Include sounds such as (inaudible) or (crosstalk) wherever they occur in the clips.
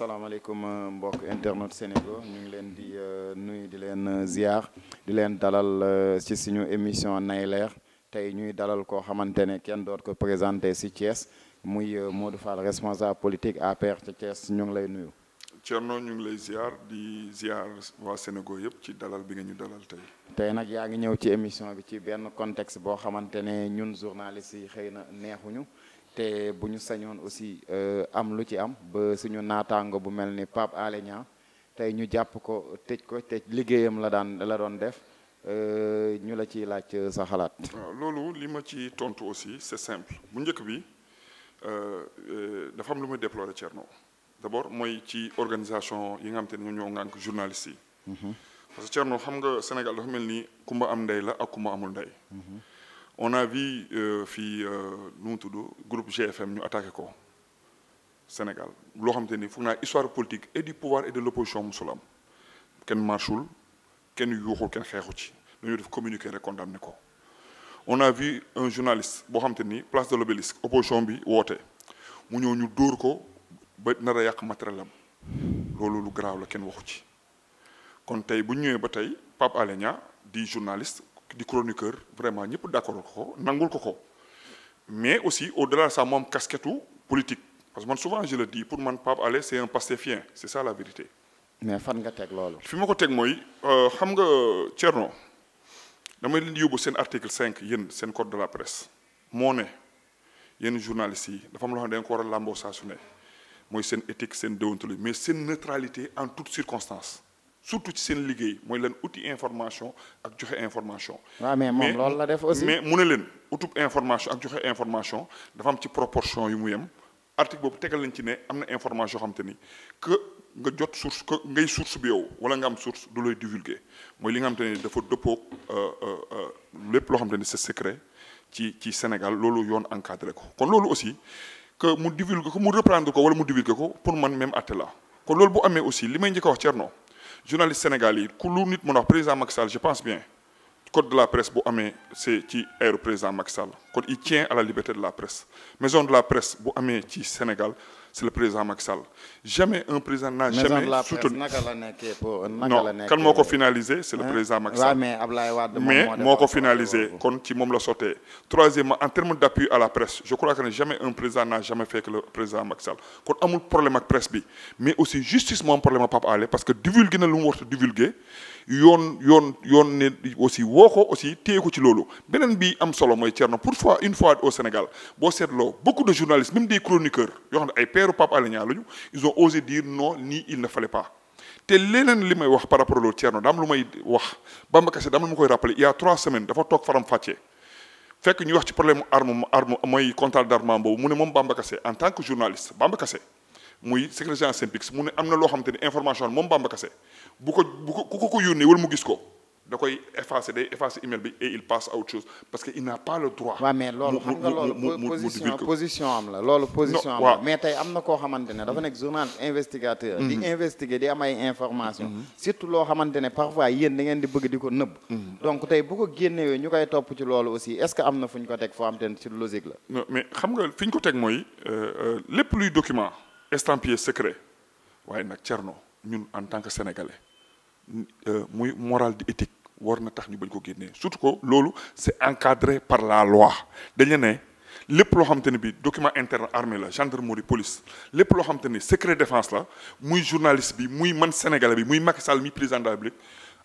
salaamaaleykum euh, mbokk internet Sénégal ñu ngi leen di euh, nuyu di leen euh, ziar di leen dalal ci suñu émission nay leer tey ñuy dalal koo xamante ne kenn doot ko présenté si Thiès muy Modou Fall responsable politique APR ci Thiès ñu ngi lay nuyu. Thierno ñu ngi lay ziar di ziar waa Sénégal yëpp ci dalal bi nga ñu dalal tey. tey nag yaa ngi ñëw ci émission bi ci benn contexte boo xamante ne ñun journalistes yi xëy na neexuñu. te bu ñu sañoon aussi euh, am lu ci am ba suñu naataango bu mel ni Pape Alé tey ñu jàpp ko tëj ko te liggéeyam la daan la doon def euh, ñu la ciy laaj euh, sa xalaat. loolu li ma ci tontu aussi c'est simple bu njëkk bi dafa am lu muy déplorer Thierno d'abord mooy ci organisation yi nga xam te ne ñoom ñoo ngànk journalistes yi. Mhm. parce que Thierno xam nga Sénégal dafa mel ni kumba am ndey la ak kumba amul ndey. Mhm. on a vu euh, fii euh, nu mu tudd groupe GFM ñu attaqué ko Sénégal loo xamante ni foog naa histoire politique et du pouvoir et de l'opposition musul am kenn marchul kenn yuuxul kenn xeexu ci dañoo def communiqué rek condamné ko on a un journaliste boo xamante ni place de l'obélisque opposition bi woote mu ñëw ñu dóor ko ba nar a yàq matériel am loolu lu garaaw la kenn waxu ci kon tey buñ ñu ñëwee ba tey Pape Alé di journaliste di chroniqueur vraiment ñëpp d'accord ko ko nangul ko ko mais aussi au-delà de ça moom casquette politique parce que man souvent je le dis pour man Pape Alé c'est un pastéfien c'est ça la vérité. mais fan nga teg loolu. fi ma ko teg mooy euh, xam nga Thierno damay leen di yóbbu seen article cinq yéen seen code de la presse moo ne yenn journalistes yi dafa am loo xam ne da nga ko war a làmboo saa su ne mooy seen éthique seen déontologie mais seen neutralité en toutes circonstances. surtout ci seen liggéey mooy leen uti information ak joxe information. waaw mais loolu la def mais mu ne leen utub information ak joxe information dafa am ci proportion yu mu yem article boobu tegal nañ ci ne am na information yoo xam te ni que nga jot source que ngay source bi yow wala nga am source du lay divulguer mooy li nga xam te ne dafa dëppoo euh, euh, euh, lépp loo xam te ni c'est secret ci ci Sénégal loolu yoon encadré ko kon loolu aussi que mu divulguer ko mu reprendre ko wala mu divulguer ko pour man même àtte la kon loolu boo amee li may njëkk a wax Thierno. journaliste Sénégal yi ku lu nit mën président Macky je pense bien code de la presse bu amee c'est ci aéro président Macky Sall kon il tient à la liberté de la presse maison de la presse bu amee ci Sénégal c'est le président Macky jamais un président n'a jamais soutenu non kan moo ko finalisé c'est le président Macky mais moo ko finalisé kon ci moom la sottee troisièmement en termes d'appui à la presse je crois que ne jamais un président n'a jamais fait que le président Macky Sall kon problème ak presse bi mais aussi justice problème ak Pape parce que divulgué na lu divulgué yoon yoon yoon ne aussi woo ko aussi téye ko ci loolu beneen bi am solo mooy Thierno pour fois une fois au Sénégal boo seetloo beaucoup de journalistes même des chroniqueurs yoo xam ne ay peeru pap Alé Niang lañu ils ont osé dire non nii il ne fallait pas te leneen li may wax par rapport loolu Thierno daam lu may wax Bamba Kassé daam lu ma koy rappelé il y trois semaines dafa toog faram fàccee fekk ñuy wax ci problème arme arme mooy contrat d'armement boobu mu ne moom Bamba en tant que journaliste Bamba muy secrétaire SYNPICS mu ne am na loo xamante ni information moom Bamba Kassé bu ko bu ko ku ko yónnee wala mu gis ko da koy effacer day effacer email bi et il passe à autre chose parce que n'a pas mais loolu xam nga loolu position am la loolu position am la mais tey am na koo xamante ne dafa nekk journaliste investigateur. di mm-hmm. investiguer di am information mm-hmm. surtout loo xamante ne parfois yéen da ngeen di bëgg di ko nëbb. Mm-hmm. donc tey bu ko génnewee ñu koy topp ci loolu aussi est-ce que am na fu ñu ko teg foo xamante ne ci logique la. mais xam nga fi ñu ko teg mooy euh, euh, lépp luy document. estampillé secret waaye nag Thierno ñun en tant que sénégalais euh, muy moral di éthique war na tax ñu bañ ko génnee surtout ko loolu c'est encadré par la loi dañu ne lépp loo xam te ni bi document interne armée la gendarmerie police lépp loo xam te ni secret défense la muy journaliste bi muy man sénégalais bi muy Macky Sall mi président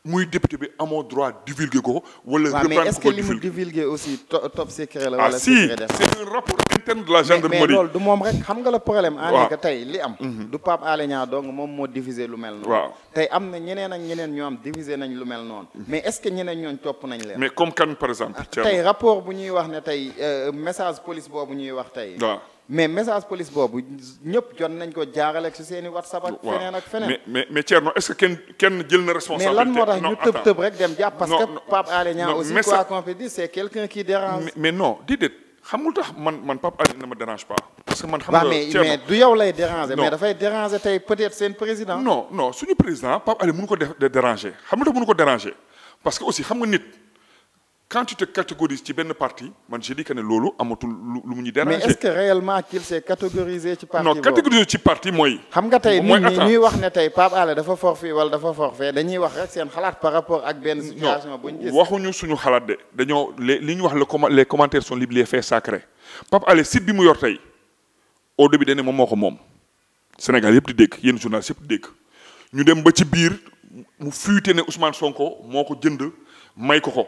muy député bi amoo droit divulguer ko wala reprendre ko mais ce que li mu divulguer aussi top secret la ah, wala secret c'est un rapport interne de la gendarmerie mais loolu du moom rek xam nga la problème en que tey li am mhm. du Pape Alé Niang donc moom moo diviser lu mel noonu waaw tey am na ñeneen ak ñeneen ñoo am diviser nañ lu mel noonu mhm. mais est-ce que ñeneen ñooñ topp nañ leen mais comme kan par exemple ah, tey rapport bu ñuy wax ne tey euh, message police boobu ñuy wax tey waaw mais message police boobu ñëpp jot nañ ko jaarale ci seen i whatsapp ak feneen ak feneen mais mais mais est que kenn jël na responsabilité mais lan moo tax ñu tëb tëb rek dem jàpp parce que Pape Alé Niang aussi quoi qu'on c'est quelqu'un qui dérange mais non déedéet xamul tax man man Pape Alé ma dérange pas parce que man xam nga yow lay déranger mais dafay déranger tey peut-être seen président non non suñu président Pape Alé mënu ko tax mënu ko déranger parce que aussi xam nga nit quand tu te catégorises ci benn parti man je dis que ne loolu amatul lu lu mu ñu déranger. mais est-ce que réellement qu'il s'est catégorisé ci parti non catégorisé ci parti mooy. xam nga tey nit ñi ñuy wax ne tey Pape Alé dafa forfait wala dafa forfait dañuy wax rek seen xalaat par rapport ak benn situation bu ñu gis. waxuñu suñu xalaat de dañoo li ñu wax le comment les commentaires sont libres les faits sacrés Pape Alé site bi mu yor tey au début dañ ne moom moo ko moom Sénégal yëpp di dégg yéen journalistes yëpp di dégg ñu dem ba ci biir mu fuité ne Ousmane Sonko moo ko jënd may ko ko.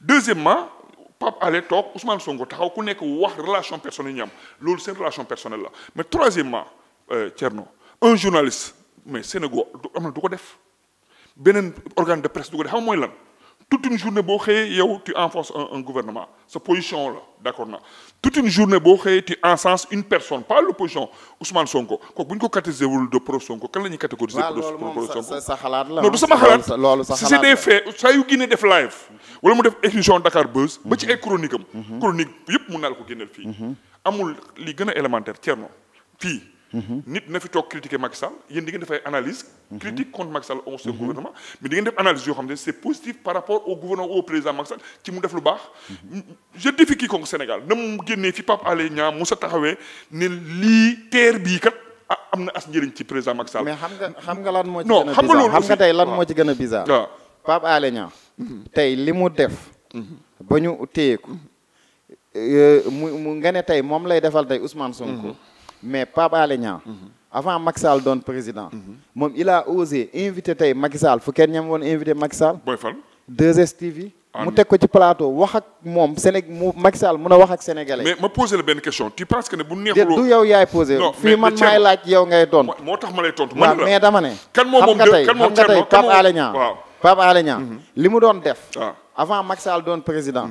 deuxièmement Pape Alé toog Ousmane Sonko taxaw ku nekk wax relation personnelle ñu am loolu seen relation personnelle la mais troisièmement euh, Thierno un journaliste mais Sénégal am na du ko def beneen organe de presse du ko def xam mooy lan tout une journée boo xëyee yow tu enfonces un gouvernement sa position la d'accord na toute une journée boo xëyee tu encenses une personne pas l'opposition Ousmane Sonko kooku bu ñu ko catégoriser wul de pro Sonko kan la ñuy catégoriser. pro Sonko sa xalaat la loolu sa xalaat la si c'est des faits saa yu génnee def live. Mhm. wala mu def émission Dakar Buzz. ba ci mhm. ay chronique am. Mhm. chronique yëpp mun naa la ko génneel fii. amul li gën a élémentaire Thierno fii. Mm-hmm. nit na fi toog critiquer Macky Sall yéen di ngeen def ay analyse mm-hmm. critique contre Macky Sall au mm-hmm. gouvernement mais di ngeen def analyse yoo xam ne c' est positif par rapport au gouvernement au président Macky ci mu def lu baax je défie quiconque Sénégal na mu génnee fi Pape Alé mu sa taxawee ne lii teer bii kat a am na as njëriñ ci président Macky Sall mais xam nga xam nga lan moo ci non xam nga loolu xam nga tey lan moo ci gën a bizarre waaw Pape Alé Niang tey li mu def ba ñu téyeku euh, mu mu nga tey moom lay defal tey Ousmane mais Pape Alé mhm. avant Macky Sall doon président. Mhm. moom il a osé invité tey Macky Sall fu kenn ñam woon invité Macky Sall. booy fal 2STV. Ah, mu teg ko ci plateau wax ak moom Sénégal mu Macky mun a wax ak sénégalais. mais ma posé la benn question tu penses que ne bu neexuloo du yow yaay posé. non fii man maay laaj yow ngay tontu. moo tax ma lay tontu man la mais dama ne. kan xam nga tey Pape Alé Niang. waaw Pape Alé Niang. Mhm. li mu doon def. Ah. avant Macky Sall doon président.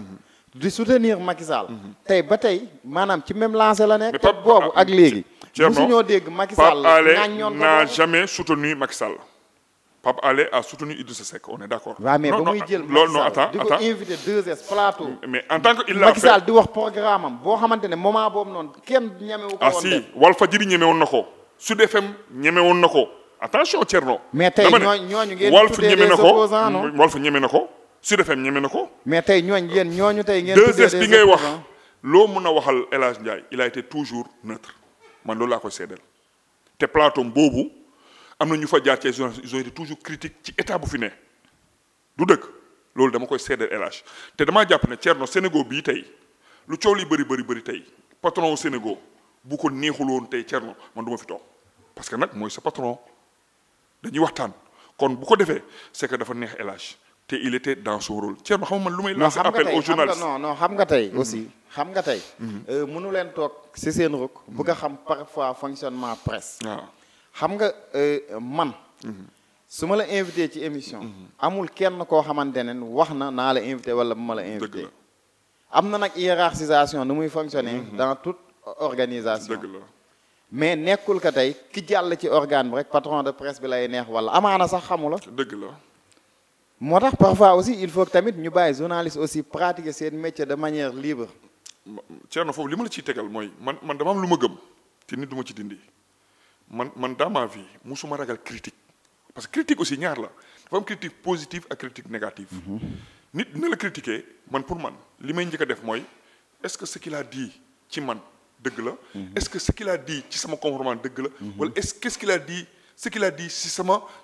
di soutenir Macky Sall. Mhm. ba tey maanaam ci même lancé la nekk. te boobu ak ah, léegi. Thierno dégg Macky Sall. ñaaññoon ko Pape n'a jamais soutenu Macky Sall. Pape a soutenu Idrissa Seck on est d'accord. waaw mais ba muy jël Macky di s plateau. mais en tant que il l'a fait Macky Sall wax programme am boo xamante ne moment boobu noon kenn ñemewu ko ah, woon. ah si ñeme woon na ko. Sud FM ñeme woon na ko attention Thierno. mais tey ñooñu ñooñu ngeen tuddee les ñeme na ko. su defee FM ñeme na ko. mais tey ñooñ yéen ñooñu tey. ngeen tuddee bi ngay wax loo mun a waxal El Hadj Ndiaye il a été toujours neutre man loolu laa koy seedeel te plateau boobu am na ñu fa jaar ci ils ont été toujours critique ci état bu fi ne du dëkk loolu dama koy seedeel El te damaa jàpp ne Thierno Sénégal bii tey lu coow li bëri bëri bëri tey patron wu Sénégal bu ko neexu loon tey Thierno man du ma fi toog parce que nag mooy sa patron dañuy waxtaan kon bu ko defee c'est que dafa neex El te il était dans son rôle Thierno xam nga man lu may lancer appel aux journalistes xam nga tey aussi mm-hmm. xam nga tey mm-hmm. euh, mënu leen toog si seen rok mm-hmm. bëgg a xam parfois fonctionnement presse waaw ah. xam nga euh, man su ma la invité ci émission amul kenn koo xamante ne wax na naa la invité wala bu ma la invité am na nag hiérarchisation nu muy fonctionner dans tout organisation mais nekkul ko tey ki jàll ci organe bi rek patron de presse bi lay neex wala amaana sax xamula dëgg moo tax parfois aussi il faut que tamit ñu bàyyi journaliste aussi pratiquer seen métier de manière libre. na foofu li ma la ciy tegal mooy man man dama am lu ma gëm te nit du ma ci dindi man man dans ma vie musuma ragal critique parce que critique aussi ñaar la dafa am critique positive ak critique négative. Mm-hmm. nit dina la critiquer man pour man li may njëkka def mooy est-ce que ce qu'il a dit ci man dëgg la. Mm-hmm. est-ce que ce qu'il a dit ci sama comportement dëgg la. Mm-hmm. wala est-ce qu'est-ce qu'il a dit ce qu'il a dit ci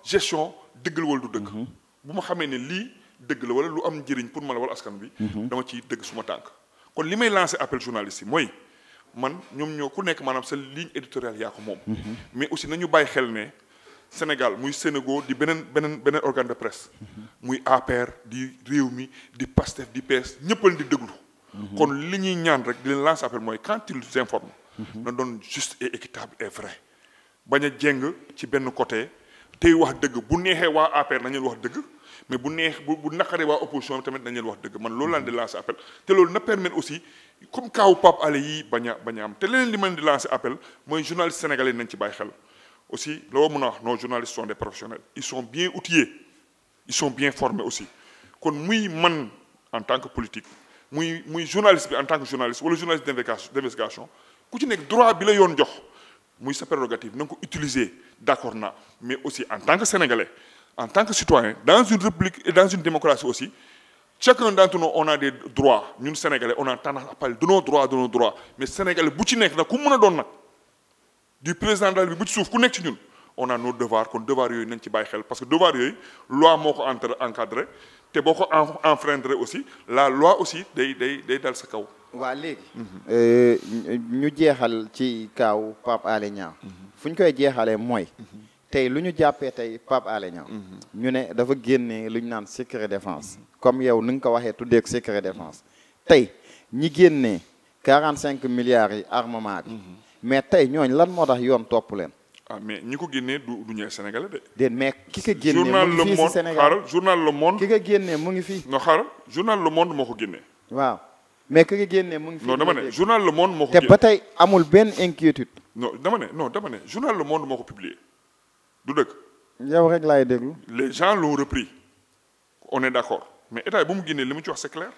gestion dëgg la dëgg. bu ma xamee ne lii dëgg la wala lu am njëriñ pour ma la wala askan bi mhm. dama ci dëgg suma tànk kon li may lancé appel journaliste yi mooy man ñoom ñoo ku nekk maanaam sa ligne éditoriale yaa ko moom mhm. mais aussi nañu bàyyi xel ne Sénégal muy Sénégal di beneen beneen beneen organe de presse mhm. muy APR di réew mi di PASTEF di PS ñëppal di déglu kon li ñuy ñaan rek di leen lancer appel mooy quand ils informent na doon juste et équitable et vrai bañ a jéng ci benn côté tey wax dëgg bu neexee waa APR nañu wax dëgg mais bu neex bu bu naqaree waa opposition tamit tamit nañu wax dëgg man loolu laa di lancer appel te loolu na permettre aussi comme kaawu Pape Alé yi bañ a a am te leneen li ma leen di lancer appel mooy journaliste sénégalais nañ ci bàyyi xel aussi loo mën a wax nos journalistes sont des professionnels ils sont bien outillés ils sont bien formés aussi kon muy man en tant que politique muy muy journaliste bi en tant que journaliste wala journaliste d'investigation ku ci nekk droit bi la yoon jox muy sa prérogative na ko utiliser d'accord na mais aussi en tant que sénégalais en tant que citoyen dans une république et dans une démocratie aussi chacun d'entre nous on a des droits ñun sénégalais on a tan à parler de nos droits de nos droits mais sénégalais bu ci nekk nag ku mën a doon nag du président daal bi bu ci suuf ku nekk ci ñun on a no devoirs kon devoir yooyu nañ ci bàyyi xel parce que devoir yooyu loi moo ko entre encadré te boo ko enfreindre aussi la loi aussi day day day dal sa kaw waa léegi. Mhm. Euh, ñu jeexal ci kaaw Pape Alé mhm. fu ñu koy jeexalee mooy. Mhm. tey lu ñu jàppee tey Pape Alé ñu ne dafa génnee lu ñu naan secret défense. comme yow ni nga ko waxee tuddee secret défense. tey ñi génne quarante cinq milliards yi armement bi. mais tey ñooñ lan moo tax yoon topp leen. ah mais ñi ko génnee du du ñu Sénégalais de. déedéet mais ki ko génnee mu ngi fii si Sénégal journal Le Monde xaaral journal ki ko génnee mu ngi fii. non xaaral journal Le Monde moo ko génnee. waaw. mais que nga génnee mu ngi fi. non dama ne journal Le Monde moo ko. te ba amul benn inquiétude. non dama ne non dama ne journal Le Monde moo ko publié du dëgg. yow rek laay déglu. les gens l'ont repris on est d'accord mais état bi bu mu génnee li mu ci wax c'est clair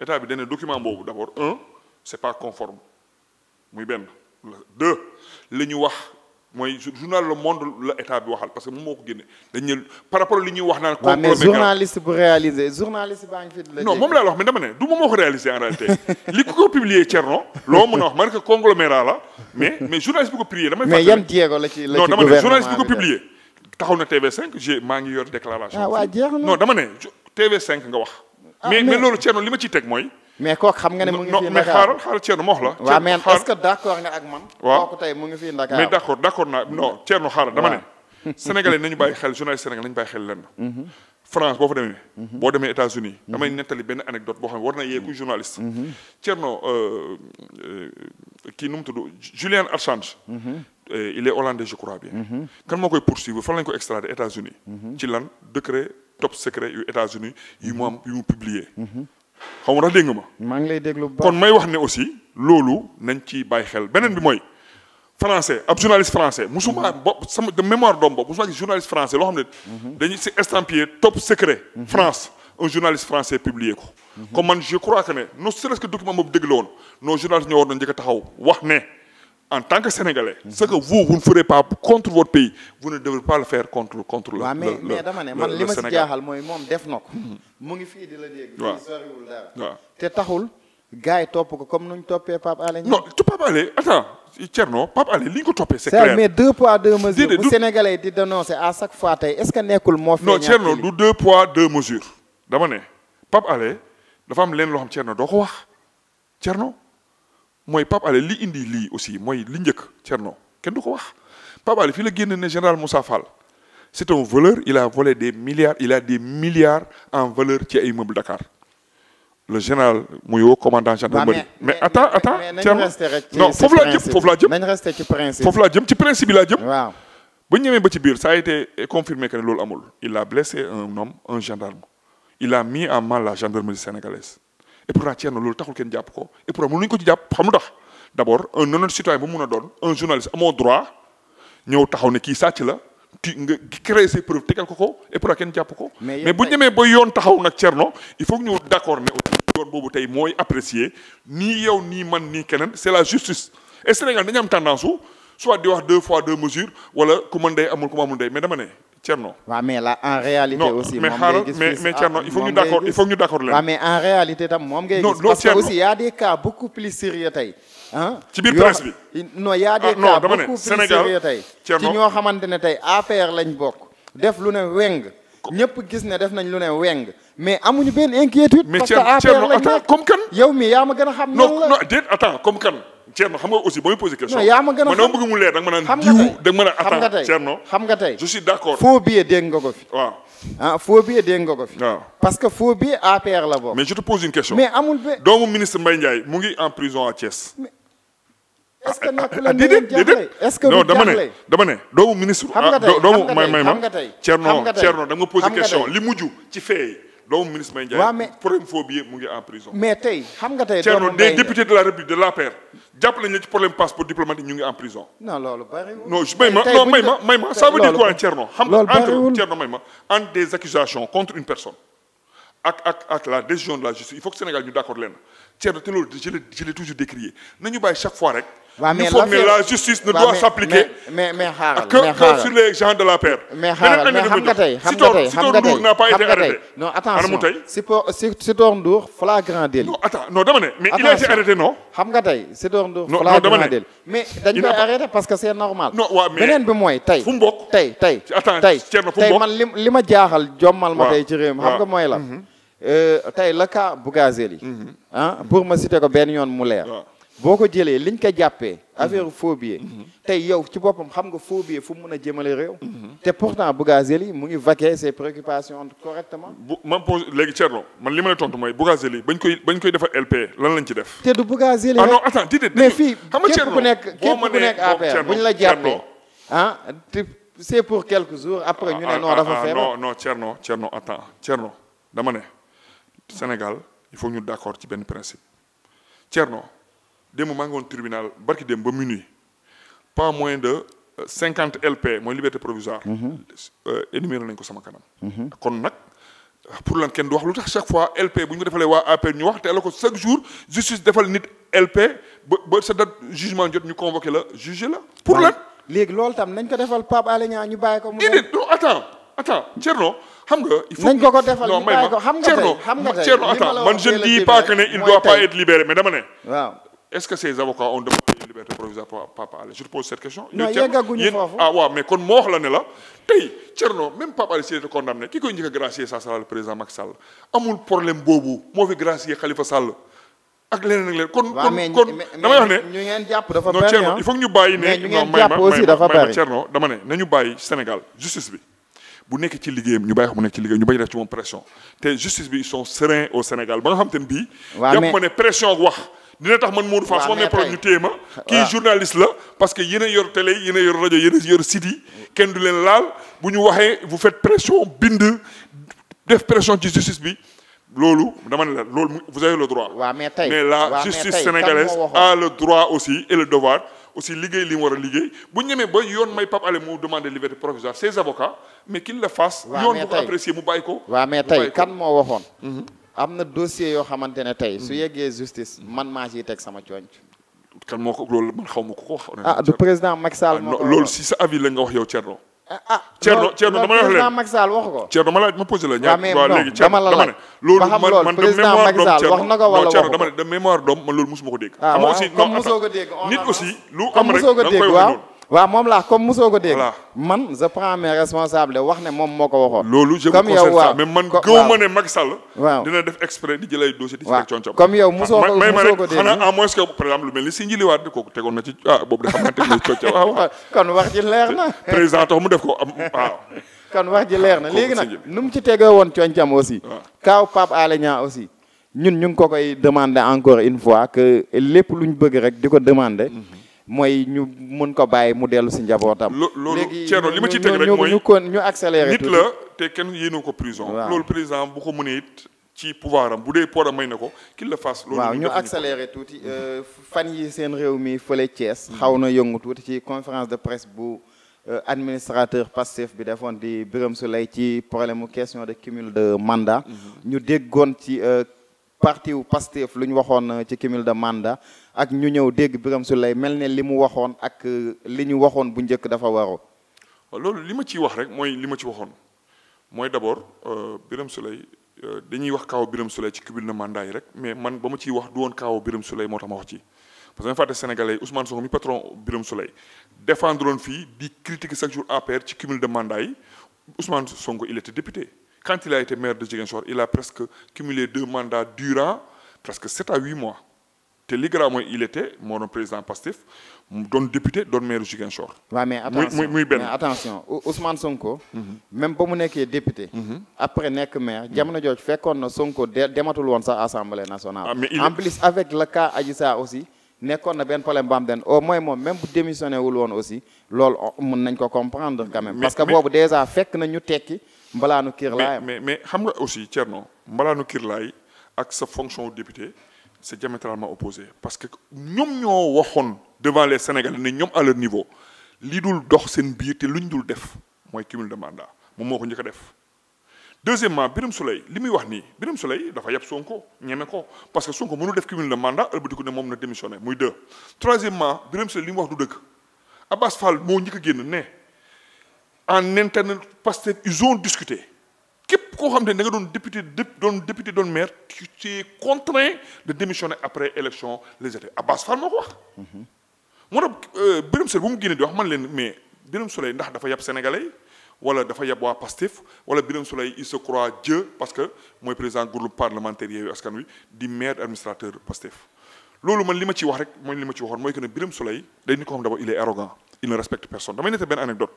état bi dana document boobu d'abord un c'est pas conforme muy benn deux la ñu wax. mooy journal Le Monde la état bi waxal parce que moom moo ko génne dañ ne par rapport li ñuy wax naan. complot mais journaliste ngi fi. non moom laa wax mais dama ne du moom moo ko en réalité (laughs) li ko ko publié loo mën a wax man que mais dama ne journaliste bu ko publié. taxaw na TV5 j' maa ngi yor déclaration. ah dama ne TV5 nga wax. Ah, mais mais loolu Thierno li ma ciy teg mooy. mais kooku xam nga ne mu ngi fii mais xaaral xaaral Thierno moox la. waaw mais est-ce que d'accord nga ak man. d'accord d'accord naa non Thierno xaaral dama ne. (laughs) Sénégalais nañu bàyyi xel journaliste Sénégal nañu bàyyi xel lenn. Mhm. France boo fa demee. Mhm. boo demee États-Unis mhm. damay nettali benn anecdote boo xam ne war na yee kuy journaliste. Euh, euh, kii nu mu tudd Julian Assange. Euh, il est hollandais je crois bien. kan moo koy poursuivre fan lañ ko extrader États-Unis ci lan décret top secret yu États-Unis yu mu xam ma ndax dégg ma. maa ngi lay déglu bu baax kon may wax ne aussi loolu nañ ci bàyyi xel beneen bi mooy français ab journaliste français musuma mm-hmm. bo sama de mémoire doom boobu musuma gis journaliste français loo xam ne. Mm-hmm. dañu si estampillé top secret. Mm-hmm. France un journaliste français publié ko. comme man je crois que ne non c'est que document boobu dégg la woon ñoo war na njëkk taxaw wax ne. en tant que Sénégalais. ce que vous vous ne ferez pas contre votre pays vous ne devez pas le faire contre contre. la mais mais dama ne man li si jaaxal mooy moom def na ko. Hmm. mu ngi fii di la dégg. waaw soriwul te taxul. gars yi topp ko comme nu ñu toppee Pape Alé. non tu Pape Alé attends Thierno Pape Alé li ñu ko toppee. c'est clair mais deux poids deux mesures. bu Sénégalais di dénoncer à chaque fois tey est-ce que nekkul moo. feeñaat non Thierno du deux poids deux mesures. dama am leen loo doo ko wax mooy Pape Alé li indi lii aussi mooy li njëkk Thierno kenn du ko wax Pape Alé fii la génn ne général Moussa Fall c'est un voleur il a volé des milliards il a des milliards en valeur ci ay immeuble Dakar le général muy woo commandant gendarmerie. mais mais attends attends Thierno non foofu laa jëm foofu laa jëm. ci principe foofu laa jëm ci principe bi laa jëm. waaw ba ñëwee biir ça a été confirmé que loolu amul. il a blessé un homme un gendarme il a mis en mal la gendarmerie sénégalaise. et pourtant Thierno loolu taxul kenn jàpp ko et pourtant mënuñu ko ci jàpp xam lu tax d' abord un honnête citoyen bu mu mun a doon un journaliste amoo droit ñëw taxaw ne kii sàcc la ti nga créer ses preuves tegal ko ko et pourtant kenn jàpp ko. mais bu ñu demee ba yoon taxaw nag Thierno il faut ñëw ñu d' accord yoon boobu tey mooy apprécier nii yow nii man nii keneen c' la justice. et Sénégal dañu am tendance su soit di wax deux fois deux mesures wala ku mën day amul ku mu amul day mais ne. Thierno. waaw mais là en réalité. aussi moom ngay gis mais mais ah, il faut ñu d' accord il faut en réalité tam moom ngay gis. parce aussi y' a des cas beaucoup plus sérieux tey. ah ci biir presse bi non y' a ah, beaucoup plus sérieux tey. ci ñoo xamante ne tey APR lañ bokk. def lu ne weng. ñëpp gis ne def nañ lu ne weng. mais amuñu benn inquiétude. parce que APR lañ bokk comme kan. yow mi yaa ma gën a xam. non non déet attends comme kan. Thierno xam nga aussi ba muy posé question. non yaa ma gën a xam bëgg mu leer tey je suis d' fi. Ah, parce que faux billet APR la bokk. mais je te pose une question. mais amul ba. doomu ministre Mbaye Ndiaye mu ngi en prison à Thiès. Ah, est ce que ah, nag la ñu leen jàppale est ce que non dama ne doomu ministre. xam nga tey xam question li mujj ci fee doomu ministre Mbaye Ndiaye. waaw mais problème phobie yëpp mu ngi en prison. mais tey xam nga tey doomu Mbaye des députés de la République de l'APR jàppale ñu ci problème passeport diplomatique ñu en prison. non may ma non may ma may ma ça veut dire quoi Thierno. nga entre Thierno may ma entre des accusations contre une personne ak ak la décision de la justice il faut que Sénégal ñu d'accord lenn Thierno te loolu je l'ai je l'ai toujours décrié nañu bàyyi chaque fois rek. waaw mais la justice ne doit s'appliquer mais xaaral mais xam nga tey xam nga tey xam nga tey xam nga tey non attention Sitor Ndour flagrant délit. non attends non dama ne mais il a été arrêté non. mais dañ koy arrêté parce que c'est normal. non waaw mais beneen bi mooy tey. fu mu bokk tey tey tey tey man li ma jaaxal jommal ma tey ci xam nga mooy la. Mhm. Euh, tey la cas Bougazelli yi mm-hmm. ah pour ma citer ko benn yoon mu leer boo ko jëlee liñ ko jàppee mm-hmm. affaire phobie mm-hmm. tey yow ci boppam xam nga phobie fu mu mën a jëmale réew te pourtant Bougazelli yi mu ngi vaquer ses préoccupations correctement bu man pose léegi Thierno man li ma lay tontu mooy Bougazelli yi bañ koy bañ koy defal LP lan lañ ci def te du Bougazelli ah non attends déedéet mais fii xam nga képp ku nekk képp ku ah, la jàppee ah c'est pour quelques jour après ah, ñu ne ah, non dafa feebar no non Thierno Thierno Sénégal il faut ñu d'accord ci benn principe Thierno démb maa ngi woon tribunal barki démb ba minuit pas moins de euh, cinquante LP mooy liberté provisoire. Mhm. Euh, énuméré nañ ko sama kanam. Mhm. kon nag pour lan kenn du wax lu tax chaque fois LP bu ñu ko defalee waa APR ñu wax te la ko chaque jour justice defal nit LP ba ba sa date jugement jot ñu convoqué la jugé la. pour lan léegi loolu tam nañ ko defal Pape Alé Niang ñu bàyyi ko. mu ne déedéet non attends Thierno xam nga. il faut ko ko defal ñu bàyyi ko xam nga tey xam nga tey Thierno attends man je ne que ne il doit pas être libéré mais dama ne. est-ce que ces avocats ont demandé une liberté je te pose cette question. non yeggaguñu foofu ah waaw mais kon moo wax la ne la tey Thierno même Pape Alé Sall était condamné ki koy njëkk a gracier ça sera le président Macky Sall amul problème boobu moo fi gracier Khalifa Sall. ak leneen ak leneen kon kon damay wax ne ñu ngeen jàpp dafa bari non Thierno ah. il faut ñu bàyyi ne non may ma may ma Thierno dama ne nañu bàyyi bu nekk ci liggéeyam ñu ñu bañ def ci moom pression te justice bi ils sont sereins au Sénégal ba nga xam te ne bii. ma ne pression wax. dina tax man Modou Fall su ma nee problème ñu téye ma. kii la parce que yéen yor télé yéen yor rajo yéen yor site kenn du leen laal bu ñu waxee vous faites pression bind def pression ci justice bi. loolu dama ne la loolu vous avez le droit. mais mais la justice sénégalaise a le droit aussi et le devoir. aussi liggéey li mu war a liggéey bu ñemee ba yoon may Pape Alé mu demandé liberté provisoire ses avocats mais qu'il le fasse. yoon bu ko apprécier mu bàyyi ko. waaw mais tey kan moo waxoon. Mhm. am na dossier yoo xamante ne tey. su mhm. yeggee justice man maa ciy teg sama cooñ. kan moo ko lool man xaw ma ko ko wax. ah du président Macky Sall ah, moo ko loolu si sa avis la nga wax yow Thierno. Ah, ah Thierno Thierno dama wax leen président Macky Sall wax ko. ma laaj ma posé la ñaar ah, waaw léegi Thierno dama ne. loolu man man de doom Thierno non dama ne de mémoire doom man loolu mosuma ko dégg. ah waaw comme mosoo ko dégg xam nga nit aussi lu am rek nga koy wax waaw moom laa comme mosoo ko dégg. man je prends mes responsabilités wax ne moom moo ko waxoon. loolu je me concerne ça mais man gëw ma ne Macky Sall. waaw dina def exprès di lay dossier di ci teg coon comme yow mosoo ah, ko ko dégg xanaa à moins que par exemple lu mel ni si njëliwaat kooku tegoon na ci ah, de xam teg ah, (laughs) na ci na. mu def ko (laughs) waaw. kon wax ji leer na léegi nag nu mu ci tegee woon coñcam aussi kaaw Pape Alé Niang aussi ñun ñu ngi ko koy demander encore une fois que lépp lu ñu bëgg rek di ko demander mhm. mooy ñu mën ko bàyyi mu dellu si njabootam. loolu Thierno li ma ci teg ñu kon ñu accéléré. nit la te kenn yéenoo ko prison. waaw loolu président bu ko mënee it ci pouvoiram bu dee pouvoir am may na ko qu'il le fasse. loolu waaw ñu accéléré tuuti euh, fan yi seen réew mi fole Thiès. Hmm. xaw na yëngu tuuti ci conférence de presse bu. Euh, administrateur Pastef bi defoon di Birame Souleye ci problème mu question de cumul de mandat. Hmm. ñu déggoon ci euh, parti wu Pastef lu ñu waxoon euh, ci cumul de mandat ak ñu ñëw dégg Birame Souleye mel ne li mu waxoon ak euh, li ñu waxoon bu njëkk dafa waroo loolu li ma ciy wax rek mooy li ma ci waxoon mooy d'abord euh, Birame Souleye dañuy wax kaaw Birame Souleye ci cumul de mandat yi rek mais man ba ma ciy wax du woon kaaw Birame Souleye moo tax ma wax ci parce que ma fàtte sénégalais Ousmane Sonko mi patron Birame Souleye défendre fii di critiquer chaque jour APR ci cumul de mandat yi Ousmane Sonko il député Quand il a été maire de Ziguinchor, il a presque cumulé deux mandats durant presque 7 à 8 mois. te li garaaw mooy il était mon président Pastef doon député doon maire Ziguinchor. waaw mais attention muy muy benn mais attention Ousmane Sonko. Mhm. même ba mu nekkee député. Mhm. après nekk maire mhm. jamono jooju fekkoon na Sonko dematul woon sax assemblée nationale. Ah, en plus avec le cas Adji Sarr aussi nekkoon na benn problème ba am den au moins moom même bu démissionné wul woon aussi loolu mën nañ ko comprend quand même. parce que boobu déjà fekk na ñu tekki. mbalaanu kiirlaayam mais mais xam nga aussi Thierno mbalaanu kiirlaay ak sa fonction député c'est diamétralement opposé parce que ñoom ñoo waxoon devant les Sénégalais ne ñoom à niveau li dul dox seen biir te ñu dul def mooy cumul de mandat moom moo ko njëkk a def. deuxièmement Birame Souleye li muy wax nii Birame Souleye dafa yab Sonko ñeme ko parce que Sonko mënul def cumul de mandat ëlbatiku ne moom na démissionné muy deux. troisièmement Birame Souleye li wax du dëgg Abbas Fall moo njëkk génn ne. en interne Pastef ils ont discuté képp koo xam ne da nga doon député doon député doon maire tu es contraint de démissionner après élection législative Abbas Fall moo ko wax. moo tax euh, Birame Souleye bu mu génnee di wax man leen mais Birame Souleye ndax dafa yab sénégalais wala dafa yab waa Pastef wala Birame Souleye il se croit Dieu parce que mooy président groupe parlementaire Yewwi Askan Wi di maire administrateur Pastef. loolu man li ma ci wax rek mooy li ma ci waxoon mooy que ne Birame Souleye day ni ko il ne respecte personne damay nettali benn anecdote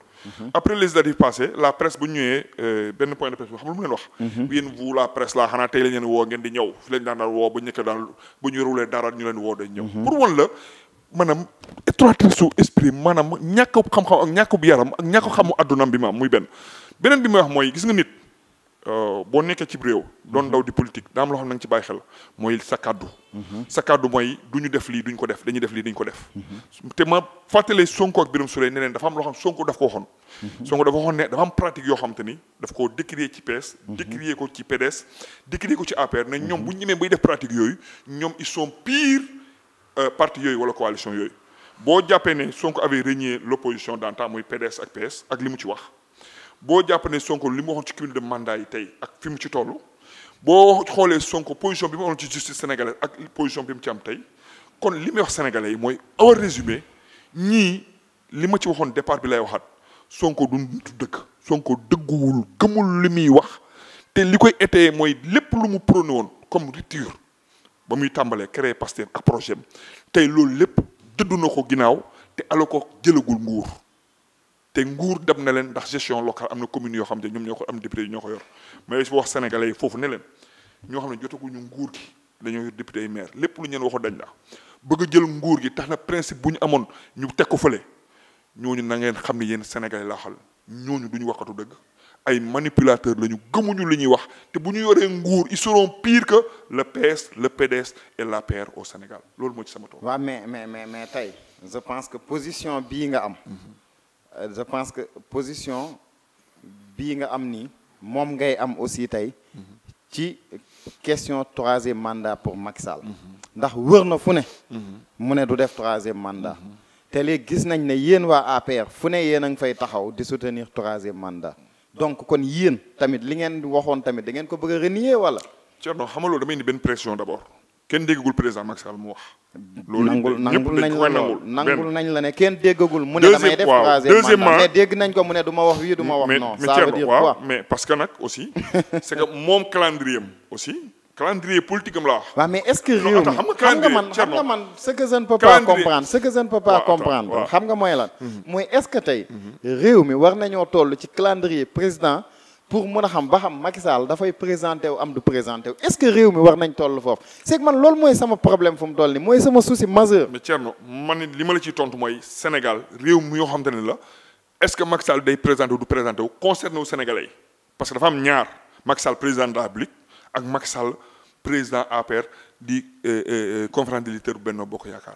après législative passée la presse bu ñu euh, benn point de presse xam lu mu leen wax mhm. yéen vous la presse la xanaa tey la ngeen woo ngeen di ñëw fi lañ daan woo bu ñëkk daan bu ñu rulee dara ñu leen woo dañ ñëw mhm. pour wan la maanaam étroitesse su esprit maanaam ñàkk xam-xam ak ñàkk bu yaram ak ñàkk xamu addunam bi ma am muy benn beneen bi may wax mooy gis nga nit Euh, boo nekkee ci réew doon mhm. daw di politique daa am loo xam ne ci bàyyi xel mooy sa kàddu mhm. sa kàddu mooy du ñu def lii duñ ko def dañuy def lii dañ ko def mhm. te ma fàttalee Sonko ak Birame Souleye ne dafa am loo xam Sonko daf ko waxoon Sonko dafa waxoon ne dafa am pratique yoo xam te ni daf ko décrier ci PS décrier ko ci PDS décrier ko ci APR ne ñoom bu ñu ñemee bay def pratique yooyu ñoom ils sont pire euh, parti yooyu wala coalition yooyu boo jàppee ne Sonko avait régné l'opposition dans le temps muy PDS ak PS ak li mu ci wax boo jàpp ne Sonko li mu waxoon ci cumul de mandat yi tey ak fi mu ci toll boo xoolee Sonko position bi mu amoon ci justice sénégalaise ak position bi mu ci am tey kon li may wax sénégalais yi mooy en résumé ñii li ma ci waxoon départ bi lay waxaat Sonko du dëkk Sonko dëgguwul gëmul li muy wax te li koy étayé mooy lépp lu mu prôné woon comme rupture ba muy tàmbalee créer Pastef ak projet tey loolu lépp dëddu na ko ginnaaw te ala ko jëlagul nguur te nguur dab na leen ndax gestion locale am na commune yoo xam ne ñoom ñoo ko am député yi ñoo ko yor mais su wax sénégalais yi foofu ne leen ñoo xam ne jotaguñu nguur gi dañoo yor député maire lépp lu ñeen waxu dañ la bëgg jël nguur gi tax na principe bu ñu amoon ñu teg ko fële ñooñu na ngeen xam ne yéen sénégalais laa xal ñooñu duñu waxatu dëgg ay manipulateurs lañu gëmuñu li ñuy wax te bu ñu yoree nguur ils seront pires que le PS le PDS et l'APR au Sénégal loolu moo ci sama tool. waaw mais mais mais mais tey je pense que position bii nga am. Mhm. Euh, je pense que position bii nga am ni moom ngay am aussi tey ci question troisième mandat pour Macky Sall mhm. ndax wër na fu ne mhm. mu ne du def troisième mandat mhm. te léegi gis nañ ne yéen waa APR fu ne yéen a ngi fay taxaw di soutenir troisième mandat donc kon yéen tamit li ngeen waxoon tamit da ngeen ko bëgg a renier wala Thierno xamaloo damay indi benn pression d'abord kenn déggagul président Macky Sall mu wax. nangul nangul nañ la ne kenn déggagul. mu ne damay def troisième mandat mais dégg nañ ko mu ne du ma wax oui du ma wax non. mais parce que nag aussi. c' est que moom calendrier am aussi. calendrier politique am la wax. waaw mais est ce que réew mi xam nga man xam nga man ce que je comprendre ce que je comprendre. xam nga mooy lan. Mhm. mooy est tey. Mhm. réew mi war nañoo toll ci calendrier président. pour mën a xam ba xam Macky dafay présenté wu am du présenté est-ce que réew mi war nañ toll foofu c'est man loolu mooy sama problème fu mu toll nii mooy sama souci majeur. mais Thierno man li ma la ciy tontu mooy Sénégal réew mi yoo xamante ne la est-ce que Macky Sall day présenté du présenté wu concerné wu Sénégalais yi parce que dafa am ñaar Macky président de la République ak Macky Sall président APR di euh, euh, euh, conférence des leaders benn Bokk Yaakaar.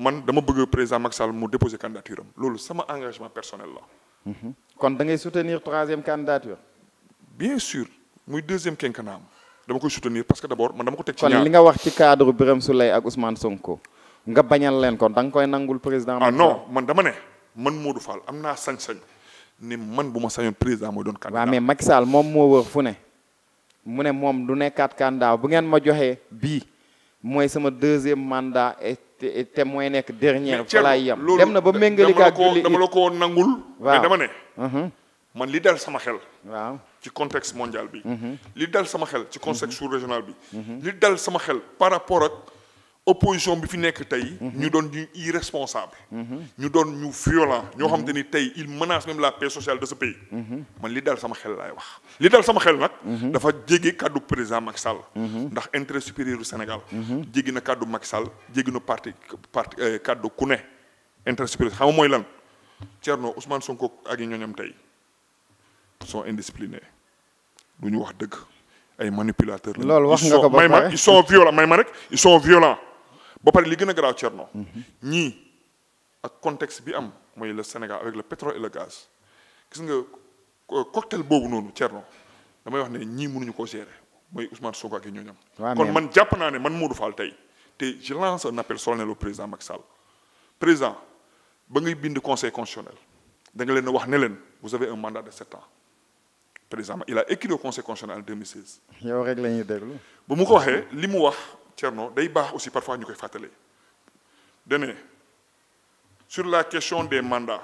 man dama bëgg président Macky Sall mu déposer candidature loolu sama engagement personnel la. Mhm. kon da ngay soutenir troisième candidature. bien sûr muy deuxième quinquennat am dama koy soutenir parce que d' abord man dama ko teg ci ñaar kon li nga wax ci cadre Birame Souleye ak Ousmane Sonko nga bañal leen kon da nga nangul président. ah non man dama ne man Modou Fall am naa sañ-sañ ni man bu ma sañoon président mooy doon. candidat waaw mais Macky saal moom moo wër fu ne. mu ne moom du nekkaat candidat bu ngeen ma joxee bii mooy sama deuxième mandat et te mooy nekk dernière. balaa yam dem na ba méngale ak dama la ko nangul. waaw mais dama ne. Mhm. man li dal sama xel. waaw ci contexte mondial bi. Mhm. li dal sama xel ci contexte mhm. sous régional bi. li dal sama xel par rapport ak. opposition bi fi nekk tey. ñu doon ñu irresponsable. ñu doon ñu violent ñoo xam te ni tey il menace même la paix sociale de sa pays. man li dal sama xel laay wax. li dal sama xel nag. dafa jéggi kàddu président Macky Sall. ndax intérêt supérieur du Sénégal. jéggi na kàddu Macky Sall jéggi na parti parti euh, kàddu ku ne. intérêt supérieur xam mooy lan Thierno Ousmane Sonko ak yi ñooñam tey sont indisciplinés du ñu wax dëgg ay manipulateurs. loolu wax nga ko ba may ma rek ils sont boo pare li gën a garaaw Thierno. Mhm. ñii ak contexte bi am mooy le Sénégal avec le pétrole et le gaz gis nga euh, cocktail boobu noonu Thierno damay wax ne ñii mënuñu koo gérer mooy Ousmane Sonko ak ñooñam kon man jàpp naa ne man moo Modou Fall tey te je lance un appel solennel au président Macky Sall président ba ngay bind conseil constitutionnel da nga leen wax ne leen vous avez un mandat de sept ans président il a écrit au conseil constitutionnel en 2016. yow rek la ñuy déglu. ba mu ko waxee li mu wax. Thierno day baax aussi parfois ñu koy fàttale dane sur la question des mandats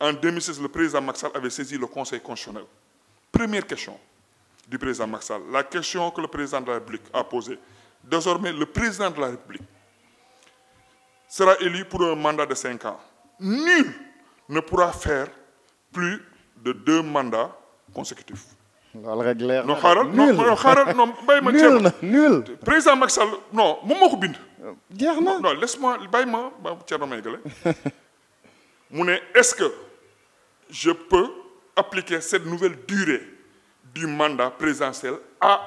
en 2006 le président Macky Sall avait saisi le conseil constitutionnel première question du président Macky la question que le président de la République a posée désormais le président de la République sera élu pour un mandat de cinq ans nul ne pourra faire plus de deux mandats consécutifs loolu rek leer na non xaaral non xaaral ma ceeb na nul président Macky Sall non moom moo ko bind. jeex na non laisse moi bàyyi ma ba Thierno may gële mu ne est-ce que je peux appliquer cette nouvelle durée du mandat présidentiel à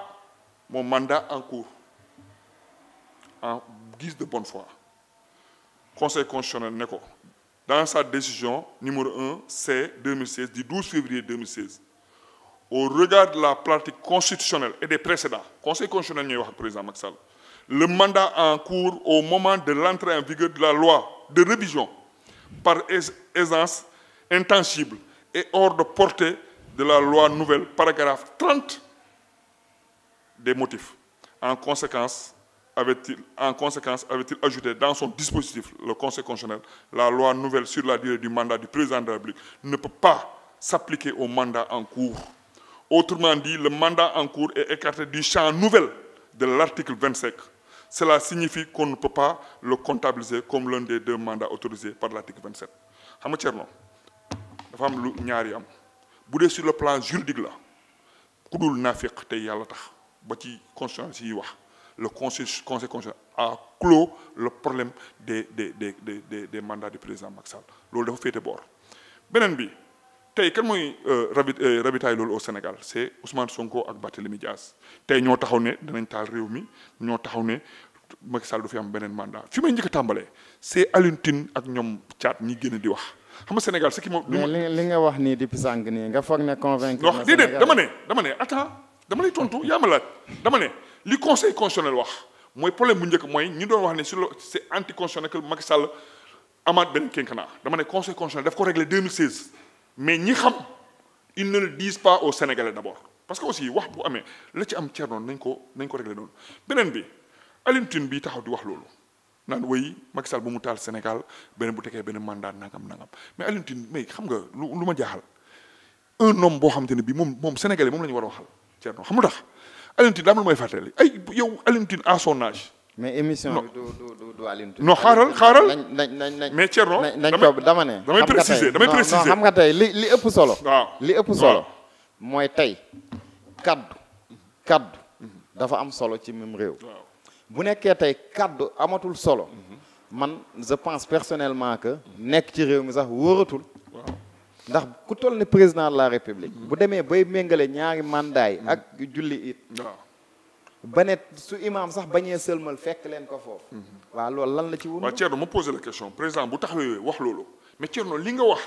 mon mandat en cours en guise de bonne foi conseil constitutionnel ne ko dans sa décision numéro 1 du 12 février au regard de la pratique constitutionnelle et des précédents conseil constitutionnel ñuy wax ak président Macky Sall le mandat en cours au moment de l'entrée en vigueur de la loi de révision par aisance intangible et hors de portée de la loi nouvelle paragraphe 30 des motifs en conséquence avait-il en conséquence avait-il ajouté dans son dispositif le conseil constitutionnel la loi nouvelle sur la durée du mandat du président de la République ne peut pas s'appliquer au mandat en cours Autrement dit, le mandat en cours est écarté du champ nouvel de l'article 25. Cela signifie qu'on ne peut pas le comptabiliser comme l'un des deux mandats autorisés par l'article 27. xam nga Thierno dafa am lu ñaari am bu dee sur le plan juridique la ku dul tey yàlla tax ba ci constitution yi wax le conseil conseil constitutionnel a clos le problème des des des des des mandats du président Macky loolu dafa féete boor beneen bi. tey kan mooy euh, rabi euh, rabitaay loolu au Sénégal c'est Ousmane Sonko ak Barthélémy Dias tey ñoo taxaw ne danañ taal réew mi ñoo taxaw ne Macky Sall du fi am beneen mandat fi may njëkk a tàmbalee c'est Alioune ak ñoom caat ñi génn di wax xam nga Sénégal ce qui ma. mais li nga wax nii di pisang nii nga foog ne convaincre. non déedéet dama ne dama ne attends dama lay tontu yaa ma laaj conseil constitutionnel wax mooy problème bu njëkk mooy ñu doon wax ne sur le c'est anticonstitutionnel que Macky Sall amaat benn quinquennat dama ne conseil constitutionnel daf ko réglé 2016. mais ñi xam ils ne le disent pas aux Sénégalais d'abord parce que aussi wax bu amee la ci am Thierno nañ ko nañ ko réglé noonu beneen bi Alioune Tine bi taxaw di wax loolu naan woy Macky Sall bu mu taal Sénégal beneen bu tekee beneen mandat nangam nangam mais Alioune Tine mais xam nga lu lu ma jaaxal un homme boo xamante ne bii moom moom Sénégalais moom la ñu war a waxal Thierno xam lu tax Alioune Tine daam lu may fàttali ay yow Alioune Tine mais émission bi du du du Alioune Tine. non xaaral xaaral nañ nañ nañ mais Thierno nañ ko dama ne. damay préciser damay xam nga tey li li ëpp solo. waaw li ëpp solo. mooy tey kaddu kaddu dafa am solo ci même réew. bu nekkee tey kàddu amatul solo. man je pense personnellement que nekk ci réew mi sax wóoratul. ndax ku toll ni président de la république. bu demee bay méngale ñaari màndaay ak julli it. ba ne su imaam sax bañee sëlmal fekk leen ko foofu. waa loolu lan la ci wun. waaw Thierno ma posé la question président bu taxawee wax loolu mais Thierno li nga wax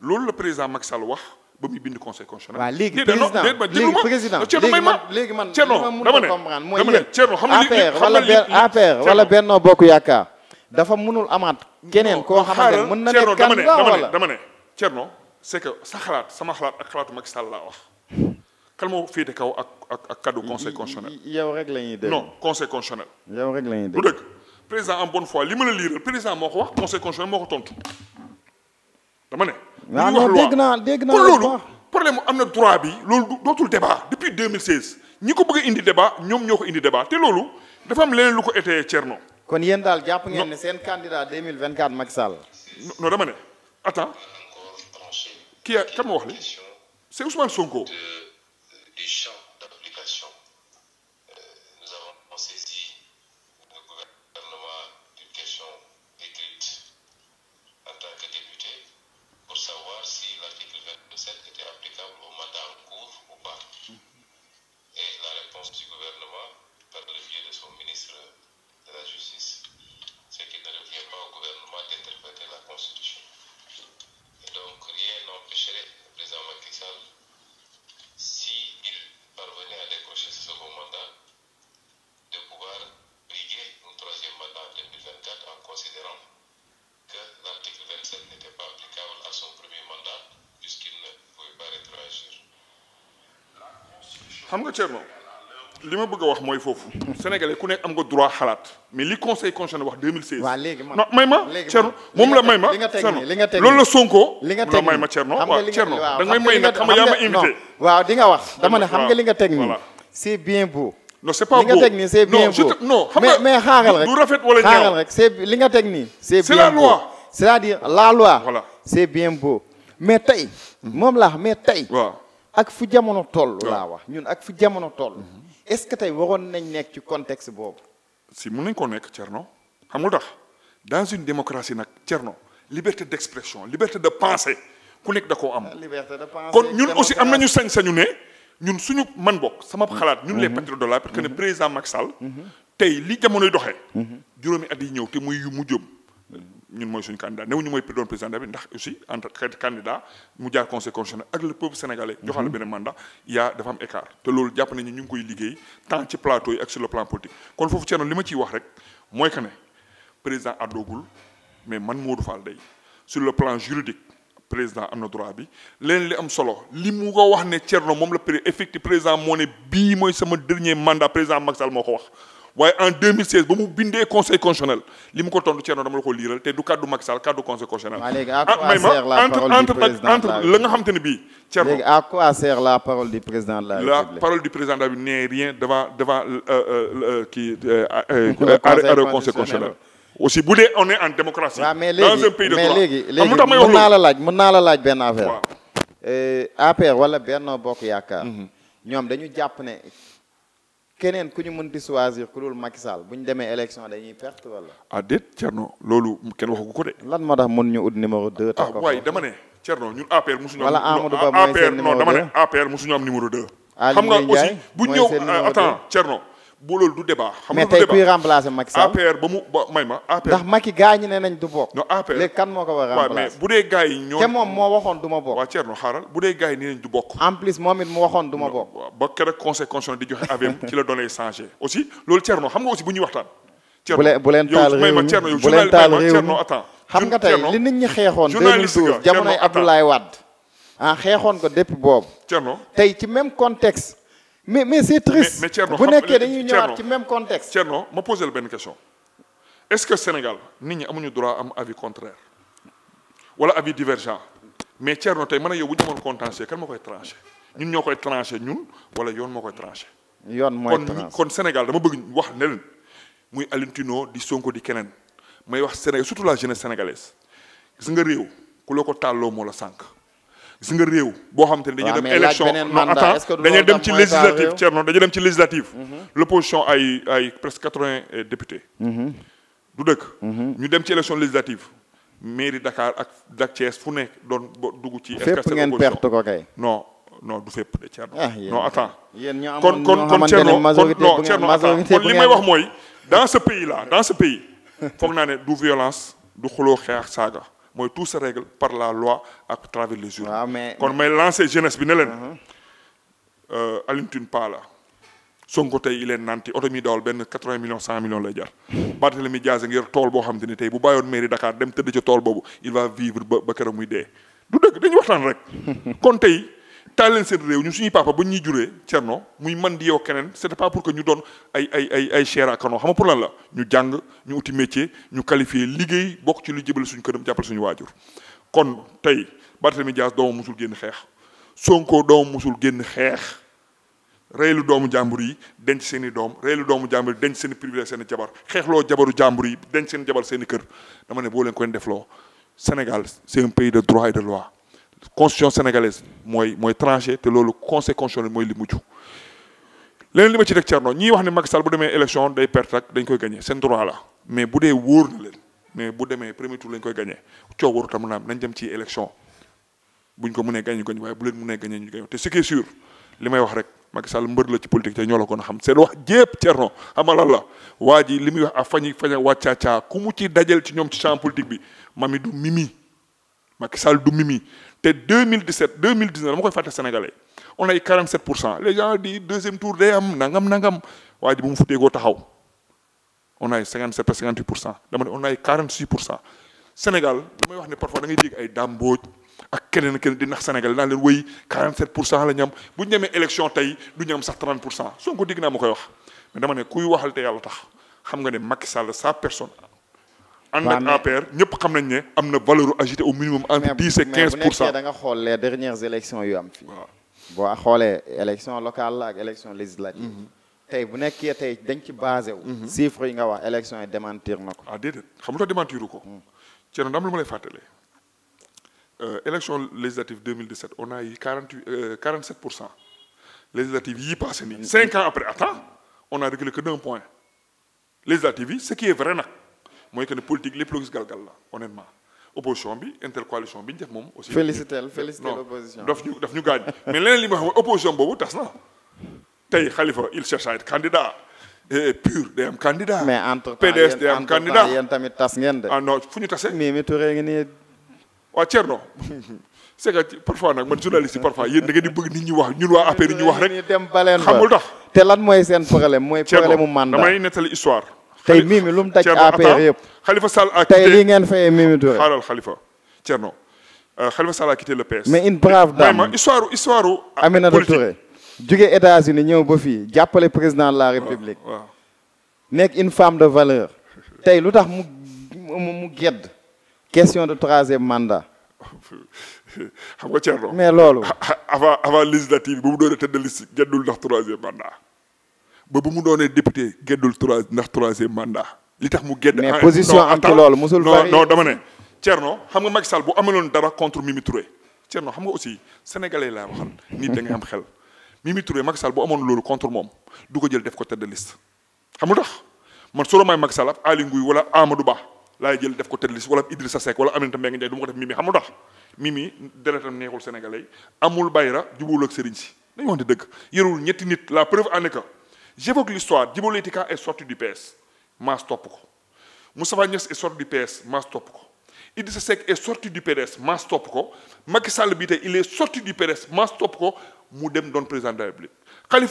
loolu la président Macky Sall wax ba muy bind conseil constitutionnel. waaw léegi président léegi président léegi man léegi man Thierno dama ne comprendre mooy yéen wala benn APR wala Benno Bokk Yaakaar dafa mënul amaat. keneen koo xamante ne mën na nekk candidat wala dama ne dama ne Thierno c'est que sa xalaat sama xalaat ak xalaatu Macky Sall laa wax. kan moo féete kaw ak ak ak kaddu conseil constitutionnel. yow rek la ñuy dégg non conseil constitutionnel. yow rek la ñuy dégg du dëgg président en bonne foi li ma la liiral président moo ko wax conseil constitutionnel moo ko tontu dama ne. waaw ah, non dégg naa dégg naa kon loolu problème am na droit bi loolu dootul débat depuis 2016 ñi ko bëgg a indi débat ñoom ñoo ko indi débat te loolu dafa am leneen lu ko été Thierno. kon yéen daal jàpp ngeen ne seen candidat 2024 Macky Sall. non dama ne attends kii kan ma wax li c'est Ousmane Sonko. di champ xam nga Thierno li ma bëgg a wax mooy foofu. sénégalais ku nekk am nga droit xalaat mais li conseil constitutionnel wax 2016. waaw léegi ma non may ma moom la may ma. li nga teg li nga teg loolu la Sonko. li nga teg nii may ma Thierno waaw Thierno dama ne xam nga li nga teg nii. c'est bien beau. non c'est pas beau li nga teg nii rafet wala ñaaw xaaral rek c'est li nga teg nii. c'est la loi. la loi. voilà c'est bien beau mais tey moom la tey. waaw ak fu jamono toll. laa wax ñun ak fu jamono toll. Mhm. est-ce que tey waxoon nañ nekk ci contexte boobu. si mun nañ koo nekk Thierno xam nga tax dans une démocratie nag Thierno liberté d'expression liberté de pensée ku nekk da koo am. Ah, liberté de pensée kon ñun aussi am nañu sañ-sañu ne ñun suñu man bokk sama mhm. xalaat ñun les mhm. patriotes de la parce que ne président Macky sal tey li jamonoy doxee. juróomi at yi ñëw te muy yu mujjëm ñun mooy suñu candidat néew ñu mooy doon président bi ndax aussi entre candidat mu jaar conseil constitutionnel ak le peuple sénégalais joxaale mhm. benn mandat yaa dafa am écart te loolu jàpp nañu ñu ngi koy liggéey tant ci plateau yi ak sur le plan politique kon foofu Thierno li ma ciy wax rek mooy que ne président àddoogul mais man Modou Fall day sur le plan juridique président am na droit bi leen li am solo li mu ko wax ne Thierno moom la effectif président moo ne bii mooy sama dernier mandat président Macky Sall moo ko wax waaye en 2016 ba mu bindee conseil constitutionnel li mu ko tontu Thierno dama la ko liiral te du kaddu Macky Sall kaddu conseil constitutionnel. ah may ma entre entre entre la nga xam te ne bii. Thierno léegi à quoi sert la parole du président de la République. la parole du président la République n'est rien devant devant kii. Euh, euh, euh, arrêt conseil constitutionnel. aussi bu dee on est en démocratie. dans un pays de droit mais léegi ah, léegi mën naa la laaj mën naa la laaj benn affaire. APR wala Benno Bokk Yaakaar. Mhm. ñoom dañu jàpp ne. keneen ku ñu mënti choisir ku dul Macky Sall bu ñu demee élection dañuy perte wala. ah déet loolu kenn waxu ko de. lan moo tax mën ñu ut numéro 2. ah waaye dama ne Thierno ñun APR mosuñu am. wala am numéro 2. xam nga bu ñëw attends Thierno. bu loolu du débat. xam nga du débat mais tey kuy remplacer Macky Sall. ba mu may ma APR. ndax Macky gars yi nañ du bokk. non kan moo ko war a remplacer. waaw bu dee gars yi moom moo waxoon du ma bokk. waaw Thierno xaaral bu dee gars yi ne nañ du bokk. en plus moom it mu waxoon du ma bokk. ba keroog conseil constitutionnel di joxe avem ci la données changé. aussi loolu Thierno xam nga aussi bu ñuy waxtaan. bu leen taal réew mi xam nga tey li nit xeexoon 2012 jamonoy Abdoulaye Wade ah, xeexoon ko depuis boobu. tey ci même contexte mais mais c'est triste. mais Thierno bu nekkee dañuy ñëwaat même contexte. Thierno ma posé la benn question est-ce que Sénégal nit ñi amuñu droit am avis contraire wala avis divergent mais Thierno tey mën a yow bu ñu amoon contentieux kan moo koy tranché ñun ñoo koy tranché ñun wala yoon moo koy tranché. yoon mooy tranché kon kon Sénégal dama bëgg wax ne muy Alioune Tino di Sonko di keneen may wax Sénégal surtout la jeunesse sénégalaise gis nga réew ku la ko tàlloo moo la sànq. gis nga réew boo xam te ne dañuy dem élection non attends dañuy dem ci législative Thierno dañuy dem ci législative mm-hmm. l'opposition ay presque quatre-vingts euh, députés mm-hmm. du dëkk mm-hmm. ñu dem ci élection législative mairie Dakar ak dak fu nekk doon dugg ci fépp ngeen perte ko kay non non du fépp de Thierno ah, non attends kon kon kon kon li may wax mooy dans ce pays là dans ce pays foog naa ne du violence du xuloo xeex saaga mooy tout se règle par la loi ak travers les urnes. Ah, mais kon may lancer jeunesse bi ne leen. Mhm. Euh, Alioune Tine Paa la. Sonko tey il est nanti oto mi dawal benn quatre-vingts millions cent millions lay jar Barthélemy Dias ngi yor tool boo xam te ni tey bu bàyyoon mairie Dakar dem tëdd ci tool boobu il va vivre ba ba dee du dëgg dañuy waxtaan rek (laughs) kon tey. taal leen seen réew ñun suñuy papa ba ñuy juree Thierno muy man di yow keneen c'était pas pour que ñu doon ay ay ay ay chair à pour lan la ñu jàng ñu uti métier ñu qualifié liggéey bokk ci lu jëbale suñu këram jàppal suñu waajur kon tey Barthélemy Dias doomam mosul génn xeex Sonko doomam mosul génn xeex reylu doomu jàmbur yi denc seen i doom reylu doomu jàmbur yi denc seen i privilège seen i jabar xeexloo jabaru jàmbur yi denc seen jabar seen i kër dama ne boo leen defloo Sénégal c'est de droit et loi constitution sénégalaise mooy mooy tranché te loolu conseil constitutionnel mooy li mujj leneen li ma ci teg Thierno ñii wax ne Macky Sall bu demee élection day perte ak dañ koy gagné seen droit la mais bu dee wóor na leen mais bu demee premier tour lañ koy gagné coow waru tam naam nañ dem ci élection buñ ko mënee gagné ñu gagné waaye bu leen mënee gagné ñu gagné te ce qui li may wax rek Macky Sall mbër la ci politique te ñoo la ko xam seen wax jépp Thierno xamalal la waa ji li muy wax a fañi fañ a caa ku mu ci dajal ci ñoom ci champ politique bi mami du mimi. Macky Sall du Mimi te 2017 2019 koy fàtte sénégalais on ay 47 pour pour cent dama ne on ay 46 pour cent Sénégal damay wax ne parfois da ngay dégg ay dàmbooj ak keneen keneen di nax Sénégal naan leen wéy 47 pour pour cent soo ko dégg naa koy wax mais dama ne kuy waxal te yàlla tax xam nga ne Macky Sall sa personne. ànd ak APR ñëpp xam nañ ne am na valeur agité au minimum entre dix et quinze pour cent mais nga xool les dernières élections yu am fii. waaw boo xoolee élection locale la ak élection législative. Mhm. tey bu nekkee tey dañ ci basé wu. Mhm. chiffres yi nga wax élection yi démentir na ko. ah xam nga lu tax démentiru ko. Thierno mhm. dama lu ma lay fàttalee. Euh, élection législative 2017 on a eu quarante huit euh, quarante sept pour cent législative yii passé nii. cinq ans après attends on a reculé que d'un point législative yi mooy que ne politique lépp loo gis galgal la honnêtement opposition bi intercoalition bi ñu moom. aussi félicité félicité daf ñu daf ñu gaañ mais leneen li ma wax opposition boobu tas na tey Khalifa il cherche candidat. Eh, pur day am candidat. mais entre temps am candidat yéen tamit tas ngeen de. ah fu ñu tasee. Mimi Touré ngi nii. waa Thierno (laughs) c'est que parfois nag man journaliste yi parfois yéen da ngeen bëgg nit ñi wax ñun waa affaire yi ñu wax rek. xamul tax te lan mooy seen problème. mooy problème mu mandat tey mimi lu mu daj APR yëpp Khalifa Sall tey lii ngeen fayee mimi Touré xaaral Khalifa Thierno euh, Khalifa Sall a quitté le PS. mais une brave dame vraiment histoire histoire. Euh, Aminata Touré jóge États-Unis ñëw ba fii jàppale président de la République. nekk une femme de valeur. tey lu tax mu mu mu question de troisième mandat. (laughs) xam nga Thierno mais loolu. (laughs) avant avant législative bi bu mu doon tëdd liste geddul ndax troisième mandat. ba bu mu doonee député geddul trois ndax troisième mandat. li tax mu gedd mais ah, position am ci loolu musul bari non dama ne. Thierno xam nga Macky Sall bu ameloon dara contre Mimi Touré Thierno xam nga aussi sénégalais laa waxal. nit da nga am xel. Mimi Touré Macky Sall bu amoon loolu contre moom du ko jël def ko tête de liste. xam nga tax man soo may Macky Sall ab Aly Ngouille wala Amadou Ba laay jël def ko tête de liste wala Idrissa Seck wala Aminata Mbengue Ndiaye du ma ko def Mimi xam nga tax Mimi deretam neexul sénégalais amul bayra jubul ak sëriñ si dañu wax ne dëgg yërul ñetti nit la preuve en est que J'évoque l'histoire. Djibo Leyti Ka est sorti du PS. Mass topp ko mu Niasse est sorti du ko Idrissa Seck est sorti du PDS Mass topp ko Macky Sall bi te il est sorti du PDS Mass topp ko mu dem doon président de la République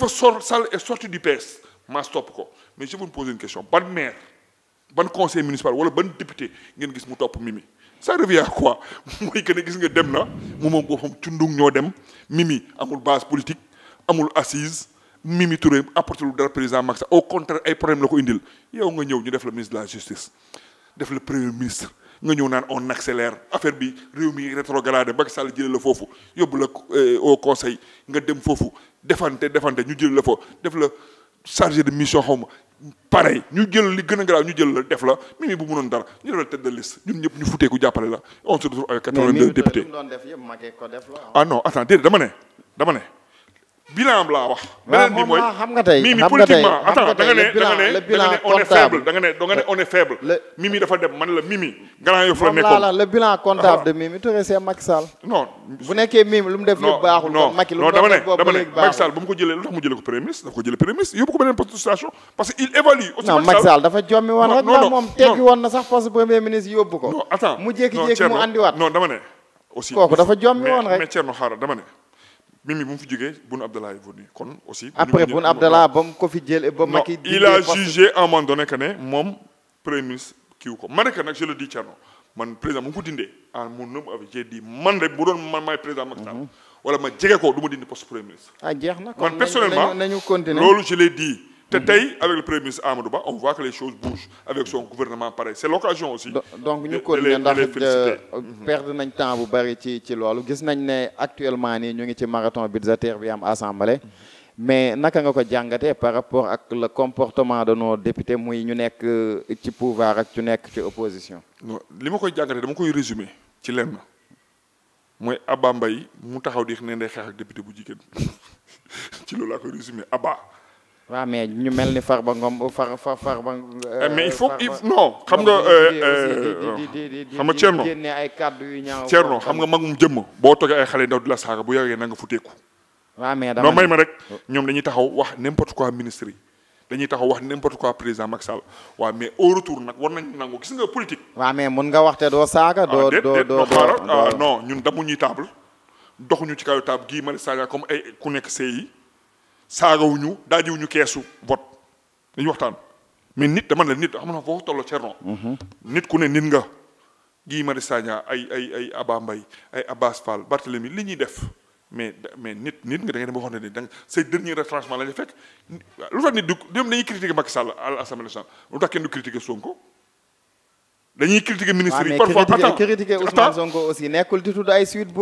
Sall sorti du PS Mass topp ko mais je vous pose une question ban maire ban conseil municipal wala ban député ngeen gis mu topp Mimi ça revient à quoi (laughs) mooy que ne gis nga dem na mu moom boppam cundung ñoo dem Mimi amul base politique amul assise Mimi Touré apporté lu dara président Macky Sall au contraire ay problème la ko indil yow nga ñëw ñu def la ministre de la justice def la premier ministre nga ñëw naan on accélère affaire bi réew mi rétrogradé Macky Sall jëlee la foofu yóbbu la euh, au conseil nga dem foofu defante defante ñu jël la fa def la chargé de mission xaw ma pareil ñu jël li gën a garaaw ñu jël la def la Mimi bu mënoon dara ñu def la tête de liste ñun ñëpp ñu futeeku jàppale la on se doon def yëpp Macky ko def la ah non dama ne dama ne. bilan bi laa wax. beneen bi xam nga tey Mimi politiquement attends da dafa dem man la Mimi. grand yof la bilan comptable de Mimi Touré c'est Macky Sall. non bu nekkee Mimi lu mu def yëpp baaxul. non non dama ne dama ne Macky Sall lu mu jëlee ko premier ministre dafa ko jëlee yóbbu ko beneen poste de station parce que il évalue. aussi non dafa jommi woon rek. moom teggi woon na sax poste premier ministre yóbbu ko. mu jékki-jékki mu andiwaat. non kooku dafa jommi woon rek Mimi bu mu fi jógee Boun Abdallah est venu kon aussi. après Boun Abdallah ba ko fi jël ba Macky. il a jugé à un moment que ne moom premier ministre kiiw ko ma ne que nag je le man président mu ngi ko dindee en mon nom avec j'ai man rek bu doon man maay président Macky Sall. Mhm. wala ma jege ko du ma dindi poste premier ministre. ah jeex na kon man personnellement loolu je l'ai te tey avec le premier ministre Amadou Ba on voit que les choses bougent avec son gouvernement pareil c'est l'occasion aussi. donc ñu continuer ndax euh, euh, perdre nañ temps bu bari ci ci loolu gis nañ ne actuellement nii ñu ngi ci marathon budgétaire bi am assemblée. mais naka nga ko jàngatee par rapport ak le comportement de nos députés muy ñu nekk euh, ci pouvoir ak ñu nekk ci opposition. li ma koy jàngatee dama koy résumer ci lenn mooy Abba Mbaye mu taxaw di day xeex ak bu jigéen (laughs) ci loolu koy résumer Abba. waa mais ñu mel ni Farba Ngom far far Farba. Eh, mais il faut euh, non xam nga. xam nga Thierno génne ay kàddu yu ñaaw. Thierno xam nga magum jëmm boo toogee ay xale ndaw di la saaga bu yoree na nga fu teeku. waaw mais dama non may ma rek ñoom dañuy taxaw wax n'importe quoi ministre yi dañuy taxaw wax n'importe quoi président Macky Sall waaw mais au retour nag war nañ nangu gis nga politique. waaw mais mun nga waxte doo saaga. Ah, doo doo ah, doo non ñun damu ñuy table doxuñu ci kaw table gii Mari Sagna comme ay ku nekk CI. wu ñu wu ñu keesu vote dañuy waxtaan mais nit dama la nit xam na foofu tolloo Thierno. Mhm. nit ku ne nit nga. Guy ma Sagna ay ay ay Aba Mbaye ay Abbas Fall Barthélemy li ñuy def mais mais nit nit nga da nga dem boo xam ne ni da nga say nit du ñoom dañuy critiquer Macky Sall à l'Assemblée nationale lu tax kenn du critiquer Sonko. dañuy critiquer ministre yi parfois. attends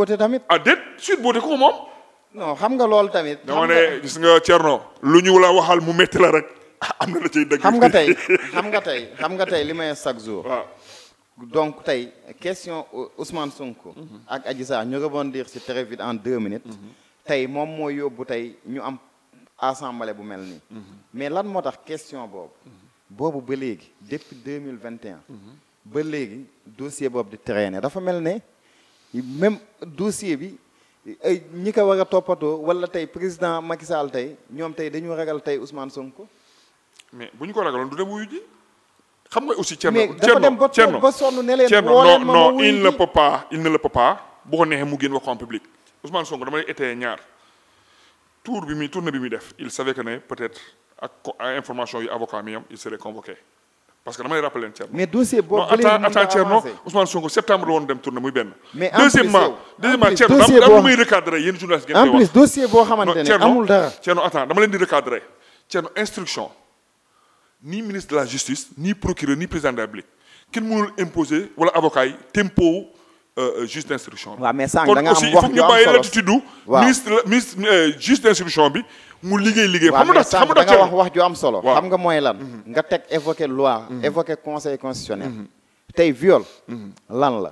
mais tamit. ah déet suite boote ko moom. non xam nga loolu tamit. dama ne gis nga Thierno. lu ñu la waxal mu métti la rek (laughs) am na la ci dëgg. xam nga tey (laughs) xam nga tey xam nga tey li may chaque jour. waaw donc tey question Ousmane Sonko. ak Adji Sarr ñu rebondir si très vite en deux minutes. tey moom moo yóbbu tey ñu am assemblée bu mel nii. mais lan moo tax question boobu. boobu ba léegi depuis deux mille vingt et un ba léegi dossier boobu di traîner dafa mel ne même dossier bi. ñi ko war a toppatoo wala tey président Macky Sall tey ñoom tey dañu ragal tey Ousmane Sonko. mais bu ñu ko ragaloon du dem wuyu ji. xam nga aussi Thierno mais dafa dem ba sonn ne leen woo leen ma non non il ne peut pas il ne le peut pas ko neexee mu génn wax ko en public Ousmane Sonko dama lay ñaar tour bi muy tourne bi muy def il savait que ne peut-être ak information yu avocat mi am il serait convoqué. parce que dama lay rappelé leen Thierno. mais dossier boobu bële Sonko septembre la woon dem tourné muy benn. mais en plus muy recadré yéen journaliste ngeen en plus dossier boo xamante amul dara Thierno attends dama leen di recadré Thierno instruction ni ministre de la justice ni procureur ni président de la République kenn mënul wala avocat tempo. Euh, euh, juge instruction bi. da nga am wax ñu bàyyi latitude du. waaw ministre ministre euh, juge d' instruction mu liggéey liggéey. xam nga xam nga da nga wax wax ju am solo. xam nga mooy lan. Mhm. nga teg évoqué loi. Mhm. évoqué conseil constitutionnel. Mhm. tey viol. lan la.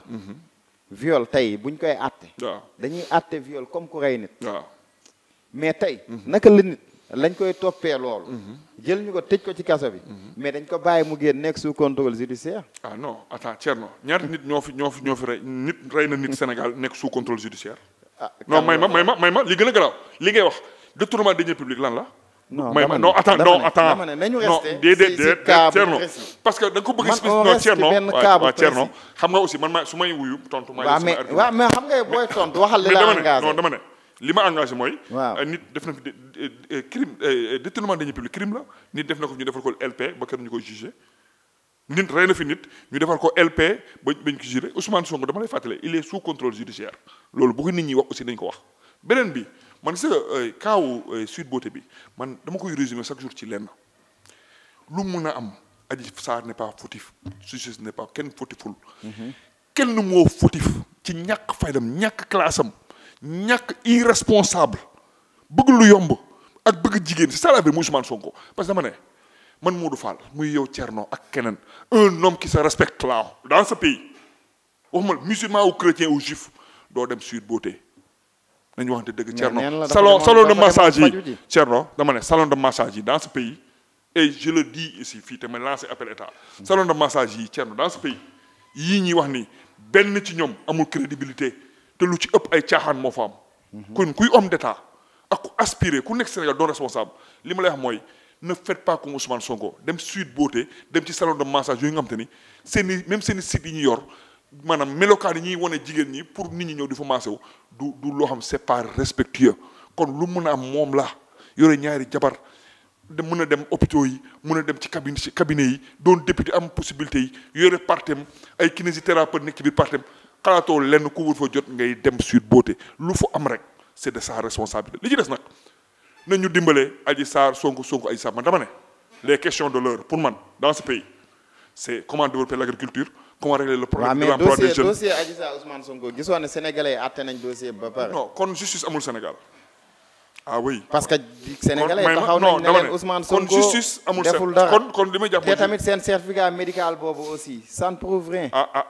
viol tey buñ koy àtte. dañuy àtte viol comme ku rey nit. mais tey naka la lañ koy toppee loolu. Mhm. jël ñu ko tëj ko ci kaso bi. Mhm. mais dañ ko bàyyi mu génn nekk sous contrôle judiciaire. ah non attends Thierno ñaata nit ñoo fi ñoo fi rey nit rey na nit Sénégal nekk sous contrôle judiciaire. ah non may ma may ma li gën a garaaw li ngay wax détournement de deniers publics lan la. non dama ne non attends non attends dama ne nañu resté déedéet déedéet Thierno parce que da ko bëgg expliquer non Thierno waaw xam nga aussi man maa su may wuyu tontu. maa ngi sama argument waaw mais xam nga li ma engagé mooy. waaw euh, nit def na euh, crime euh, détournement de deniers publics crime la nit def na ko ñu defal ko LP ba kenn ñu koy jugé. nit rey na fi nit ñu defal ko LP ba bañ ko juré Ousmane Sonko dama lay fàttale il est sous contrôle judiciaire loolu bu ko nit ñi wax aussi dañ ko wax. beneen bi man gis nga kaawu Sweet Beauté bi man dama koy résumer chaque jour ci lenn lu mun a am Adji Sarr n'est pas fautif Suisse n'est pas kenn fautiful. Mhm. kenn moo fautif ci ñàkk faydam ñàkk classam ñàkk irresponsable bëgg lu yomb ak bëgg jigéen si ça la vie muy Ousmane Sonko parce que dama ne man du Fall muy yow Thierno ak keneen un homme sa se respecte là dans ce pays waxuma musulman ou chrétien ou juif doo dem Sweet Beauté nañu waxante dëgg Thierno salon salon de massage yi Thierno dama ne salon de massage yi dans ce pays et je le dis ici fii te ma lancé appel état salon de massage yi Thierno dans ce pays yii ñuy wax ni benn ci ñoom amul crédibilité te lu ci ëpp ay caaxaan moo fa am. Mhm. kon kuy homme d'état ak ku aspiré ku nekk Sénégal doon responsable li ma lay wax mooy ne faites pas comme Ousmane Sonko dem suite beauté dem ci salon de massage yooyu nga xam te ni seen i même seen i sites yi ñu yor maanaam melokaan yi ñuy wane jigéen ñi pour nit ñi ñëw di fa massé wu du du loo xam c'est pas respectueux kon lu mën a am moom la yore ñaari jabar. de mën a dem hôpitaux yi mën a dem ci cabinet ci cabinet yi doon député am possibilité yi yore partem ay kinésithérapeute nekk ci biir partem xalaatoo lenn couvre-feu jot ngay dem Sweet Beauté lu fu am rek c'est de sa responsabilité li ci des nag nañu dimbale Adji Sarr Sonko Sonko Adji Sarr man dama ne les questions de l'heure pour man dans ce pays c'est comment développer l'agriculture comment régler le problème de l'emploi des jeunes dossier Adji Sarr Ousmane Sonko gisoon ne sénégalais yi àtte nañ dossier ba pare. non kon justice amul Sénégal ah oui. parce que sénégalais yi taxaw nañ ne leen Ousmane Sonko kon justice amul deful dara kon kon li aussi ça ne prouve rien. ah, ah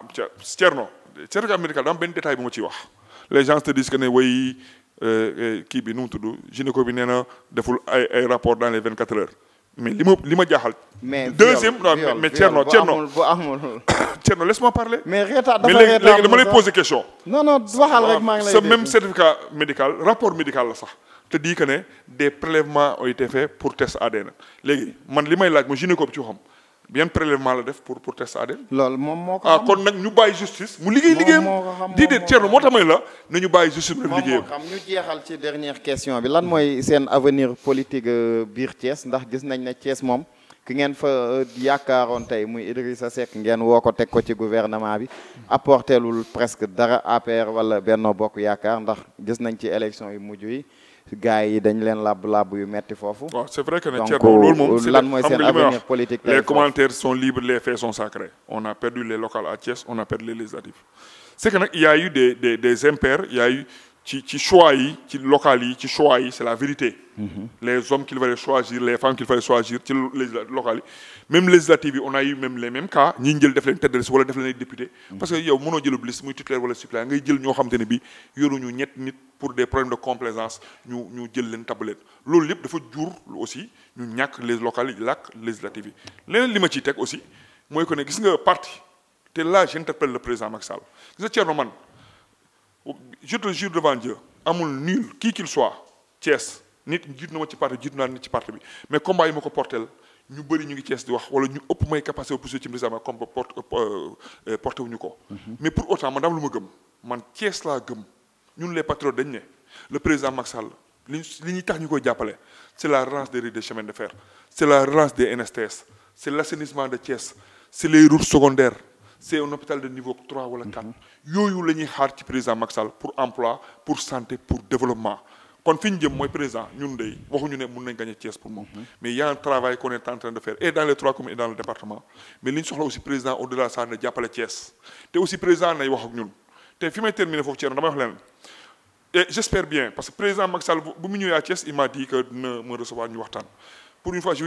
certificat médical daam benn détail bu ma ciy wax les gens te disent que ne way euh, euh, kii bi nu mu tudd gynéco bi nee na deful ay ay rapport dans les vingt quatre heures mais li ma li ma jaaxal. mais deuxième no mais Thierno Thierno (coughs) Thierno laisse-moi parler. mais reetaa dafa reetaa léegi dama lay poser question. non non waxal rek maa ngi lay ce certificat médical rapport médical la sax te di que ne des prélèvements ont été faits pour test ADN léegi man li may laaj mooy gynéco bi ci xam. bien prélèvement la def pour pour test ADN. moom moo ko ah kon nag ñu bàyyi justice. mu liggéey liggéeyam moom moo ko xam déedéet Thierno moo tamay la na ñu bàyyi justice mu def xam ñu jeexal ci dernière question bi lan mooy seen avenir politique euh, biir Thiès ndax gis nañ ne cees moom ki ngeen fa euh, yaakaaroon tey muy Idrissa Seck ngeen woo ko teg ko ci gouvernement bi apportelul presque dara APR wala benn Bokk Yaakaar ndax gis nañ ci élection yu mujj yi. gars dañ leen làbb làbb yu metti foofu. waaw c'est vrai que seen avenir politique. les commentaires sont libres les faits sont sacrés on a perdu les locales à on a perdu les législatives c'est que nag il y a eu des des y a eu ci ci choix yi ci local yi ci choix yi c'est la vérité mhm. les hommes qu'il fallait choisir les femmes qu'il fallait choisir ci législatives locales yi même législatives yi on a eu même les mêmes cas ñi ñu jël def leen tête de liste wala def leen député mhm. parce que yow mënoo jëlub liste muy titulaire wala suppléant ngay jël ñoo xamante ne bi yoruñu ñett nit pour des problèmes de complaisance ñu ñu jël leen tabaleen loolu lépp dafa jur aussi ñu ñàkk les locales yi làkk législatives yi leneen li ma ciy teg aussi mooy que ne gis nga parti te là j'interpelle le président Macky Sall gis nga Thierno man je te jure devant Dieu amul nul qui qu'il soit Thiès nit jiitu na ma ci parti jiitu naa nit ci parti bi mais combat yi ma ko porteel ñu bëri ñu ngi cees di wax wala ñu ëpp may capacité pour ci mbir sama comme porte euh, euh, porté ñu ko. Mhm. mais pour autant man daam lu ma gëm man Thiès laa gëm ñun les patriotes dañ ne le président Macky Sall li li ñuy tax ñu koy jàppale c' la relance des routes de chemin de fer c' est la relance des NSTS c' est l' assainissement de Thiès c' les routes secondaires. c' est un hôpital de niveau trois wala quatre. yooyu la xaar ci président Macky pour emploi pour santé pour développement. kon fi ñu mooy président ñun de waxuñu ne mun nañ gagné Thiès pour moom. Mhm. mais y' a un travail en train de faire et dans les trois communes et dans le département. mais li ñu soxla aussi président au delà ça ne jàppale Thiès te aussi président nay wax ñun te fi may terminer foofu Thierno damay wax leen. et j' espère bien parce que président Macky Sall bu mu ñëwee à Thiès il m'a dit que dina me recevoir pour une fois je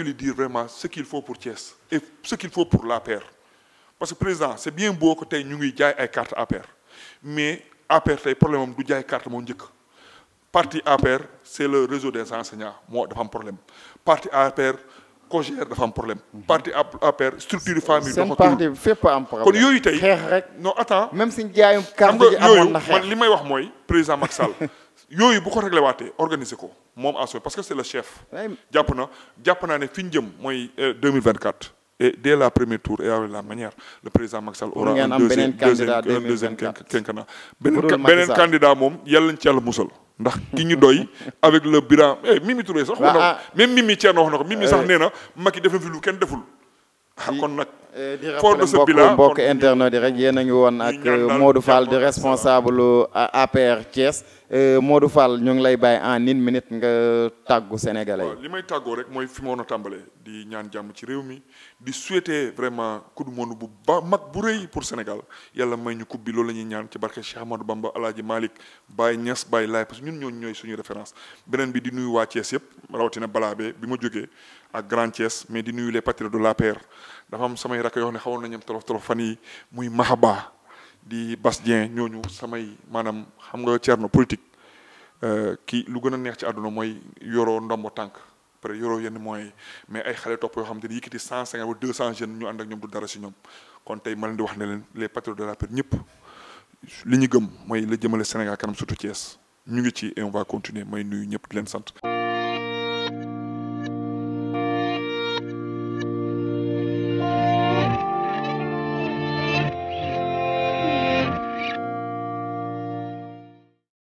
parce que président c' est bien beau que tey ñu ngi jaay ay carte APR mais APR tey problème du jaay carte moom njëkk parti APR c' est le réseau des enseignants moo dafa am problème parti APR COGER dafa am problème. Mhm. parti APR structure famille. doxatul seen parti fépp am problème kon yooyu tey xeex rek non attends même si jaayum carte ji amoon li may wax mooy président Macky Sall (laughs) yooyu bu ko réglé waatee organiser ko moom en parce que c' le chef. jàpp na jàpp naa ne fi jëm mooy 2024. Euh, et dès la première tour et avec la manière le président Macky Sall aura un deuxième deuxième quinquennat beneen beneen candidat moom yàlla nañ ci yàlla ndax ki ñu doy avec le bilan eh Mimi Touré sax wax na ko ah. même Mimi wax na ko Mimi sax euh, nee na def na kenn deful ah kon nag Eh, fort de ce bilan mbokk internet yi rek yéen a ngi woon ak eh, Modou Fall di responsable APR Thiès Modou Fall ñoo ngi lay bàyyi en une minute nga tàggu Sénégalais li may tàggoo rek mooy fi ma woon a tàmbalee di ñaan jàmm ci réew mi di souhaiter vraiment coupe du monde bu ba mag bu rëy pour Sénégal yalla may ñu coupe bi loolu la ñuy ñaan ci barke Cheikh Amadou Bamba El Hadj Malick Baye Niass Baye parce que ñun ñooñu ñooy suñu référence beneen bi di nuyu waa Thiès yëpp rawatina balaa bee bi ma jógee ak Grand Thiès di nuyu les patriotes de l'APR. dafa am samay rakk yoo xam ne xawoon nañu tolof tolof fan yi muy Mahaba di Bas Dieng ñooñu samay maanaam xam nga na politique euh, kii lu gën a neex ci àdduna mooy yoroo ndombo tànk après yoroo yenn moyens yi mais ay xale topp yoo xam te ni yëkkati cent cinquante deux cent jeunes ñu ànd ak ñoom du dara si ñoom kon tey ma leen di wax ne leen les patriotes de l'APR ñëpp li ñu gëm mooy la jëmale Sénégal kanam surtout Thiès ñu ngi ci et on va continuer may nuyu ñëpp leen sant.